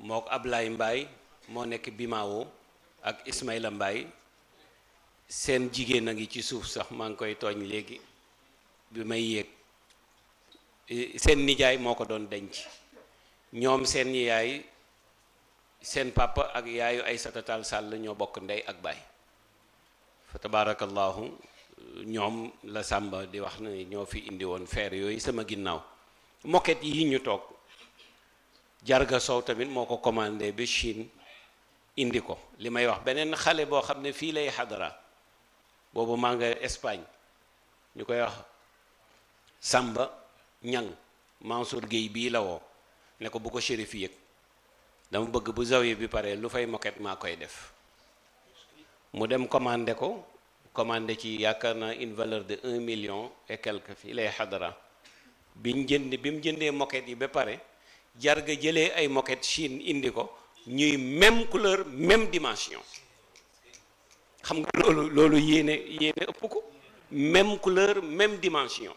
moo ko Ablaye Mbaye moo nekk Bimaawo ak Ismaïla mbaay seen jigéen a ngi ci suuf sax maa ngi koy tooñ léegi bi may yéeg eh, seen nijaay moo ko doon denc ñoom seen yaay seen papa ak yaayu ay Tall Sall ñoo bokk ndey ak baay fa tabaarakallaahu ñoom la Sàmba di wax ne ñoo fi indi woon feer yooyu sama ginnaaw mokket yi ñu toog jarga sow tamit moo ko commandé bi Chine indi ko li may wax beneen xale boo xam ne fii lay xadara boobu maa nga Espagne ñu koy wax Sàmba Ñang Mansour Guèye bii la ne ko bu ko shérif yëg dama bëgg bu zawiya bi pare lu fay moquette maa koy def mu dem commandé ko commandé ci yaakaar naa une valeur de un million et quelque fii lay xadara bi jënd bi mu jëndee moquette yi ba pare jarga jëlee ay moquette Chine indi ko ñuy même couleur même dimension xam nga loolu loolu yéene yéene ëpp ko même couleur même dimension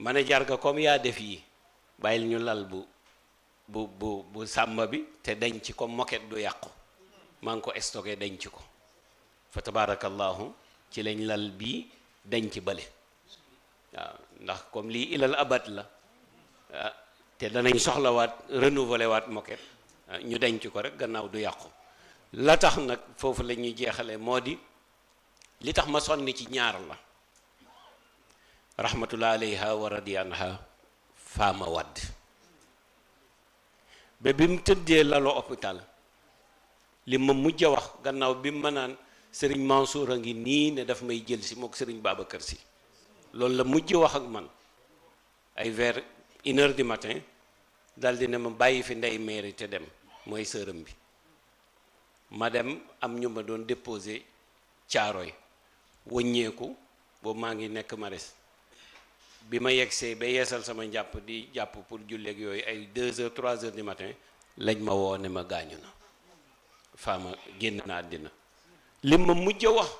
ma ne jarga comme yaa def yi bàyyil ñu lal bu bu bu bu sàmm bi te ci ko moket du yàqu maa ngi ko stocké denc ko fa tabarakallahu ci lañ lal bii denc bale waaw ndax comme lii ilal abat la ah, te danañ soxlawaat renouveler waat moket ah, ñu denc ko rek gannaaw du yàqu la tax nag foofu la ñuy jeexale moo di li tax ma sonni ci ñaar la rahmatullah alayha wa radiyanha faama wadd ba bi mu tëddee lalo hôpital li ma mujj a wax gannaaw bi ma naan sëriñ Mansour a ngi nii ne dafa may jël si mook sëriñ kër si loolu la mujj wax ak man ay vers une heure du matin dal di ne ma bàyyi fi ndey meeri te dem mooy sëram bi ma dem am ñu ma doon déposé caaroy wëññeeku boobu maa ngi nekk mares bi ma yegsee ba yeesal sama njàpp di jàpp pour julleeg yooyu ay deux heures trois heures du matin lañ ma woo ne ma gaañu na faama génn na àddina li ma mujj a wax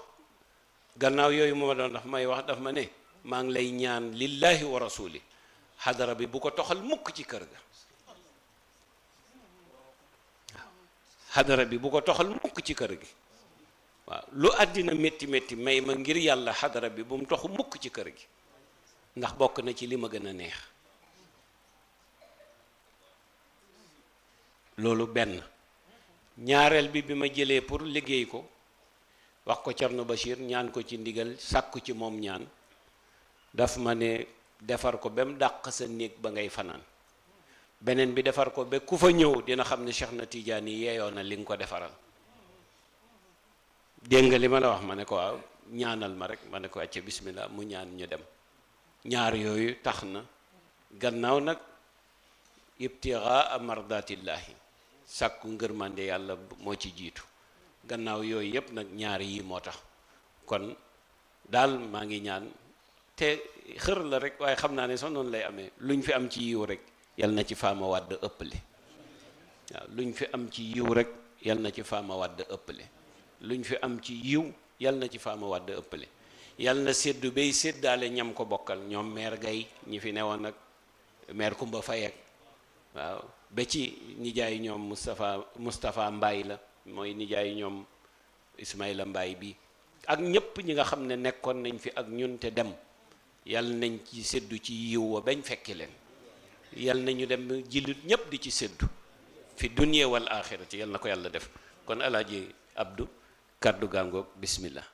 gannaaw yooyu ma doon daf may wax daf ma ne maa ngi lay ñaan lillahi wa rasuli xadara bi bu ko toxal mukk ci kër ga waaw xadara bi bu ko toxal mukk ci kër gi waaw lu àddina métti metti may ma ngir yàlla xadara bi bu mu toxu mukk ci kër gi ndax bokk na ci li ma gën a neex loolu benn ñaareel bi bi ma jëlee pour liggéey ko wax ko Thierno Bachir ñaan ko ci ndigal sàkku ci moom ñaan daf ma ne defar ko ba dàq sa néeg ba ngay fanaan beneen bi defar ko ba ku fa ñëw dina xam ne Cheikh na Tidiane yeeyoo na li nga ko defaral dégg nga li ma la wax ma ne ko waaw ñaanal ma rek ma ne ko acca bismillah mu ñaan ñu dem ñaar yooyu tax na gannaaw nag ibtiraa mardatillahi sàkku ngërmande yàlla moo ci jiitu gannaaw yooyu yëpp nag ñaar yi moo tax kon daal maa ngi ñaan te xër la rek waaye xam naa ne sax noonu lay amee luñ fi am ci yiw rek yal na ci faama wàdd ëpple luñ fi am ci yiw rek yal na ci faama wàdd ëpple luñ fi am ci yiw yal na ci faama wàdd ëpple yal na séddu bay séddaale ñam ko bokkal ñoom meer gay ñi fi newoon ak meer kumba fayek waaw ba ci nijaay ñoom Moustapha Moustapha Mbaye la mooy nijaay ñoom Ismaïla mbaay bi ak ñépp ñi nga xam ne nekkoon nañ fi ak ñun te dem yal nañ ci séddu ci yiw wa bañ fekki leen yal nañu dem jillit ñépp di ci séddu fi dunya wal axirati yal na ko yàlla def kon alaaji Abdou kàddu gàngoog bismillah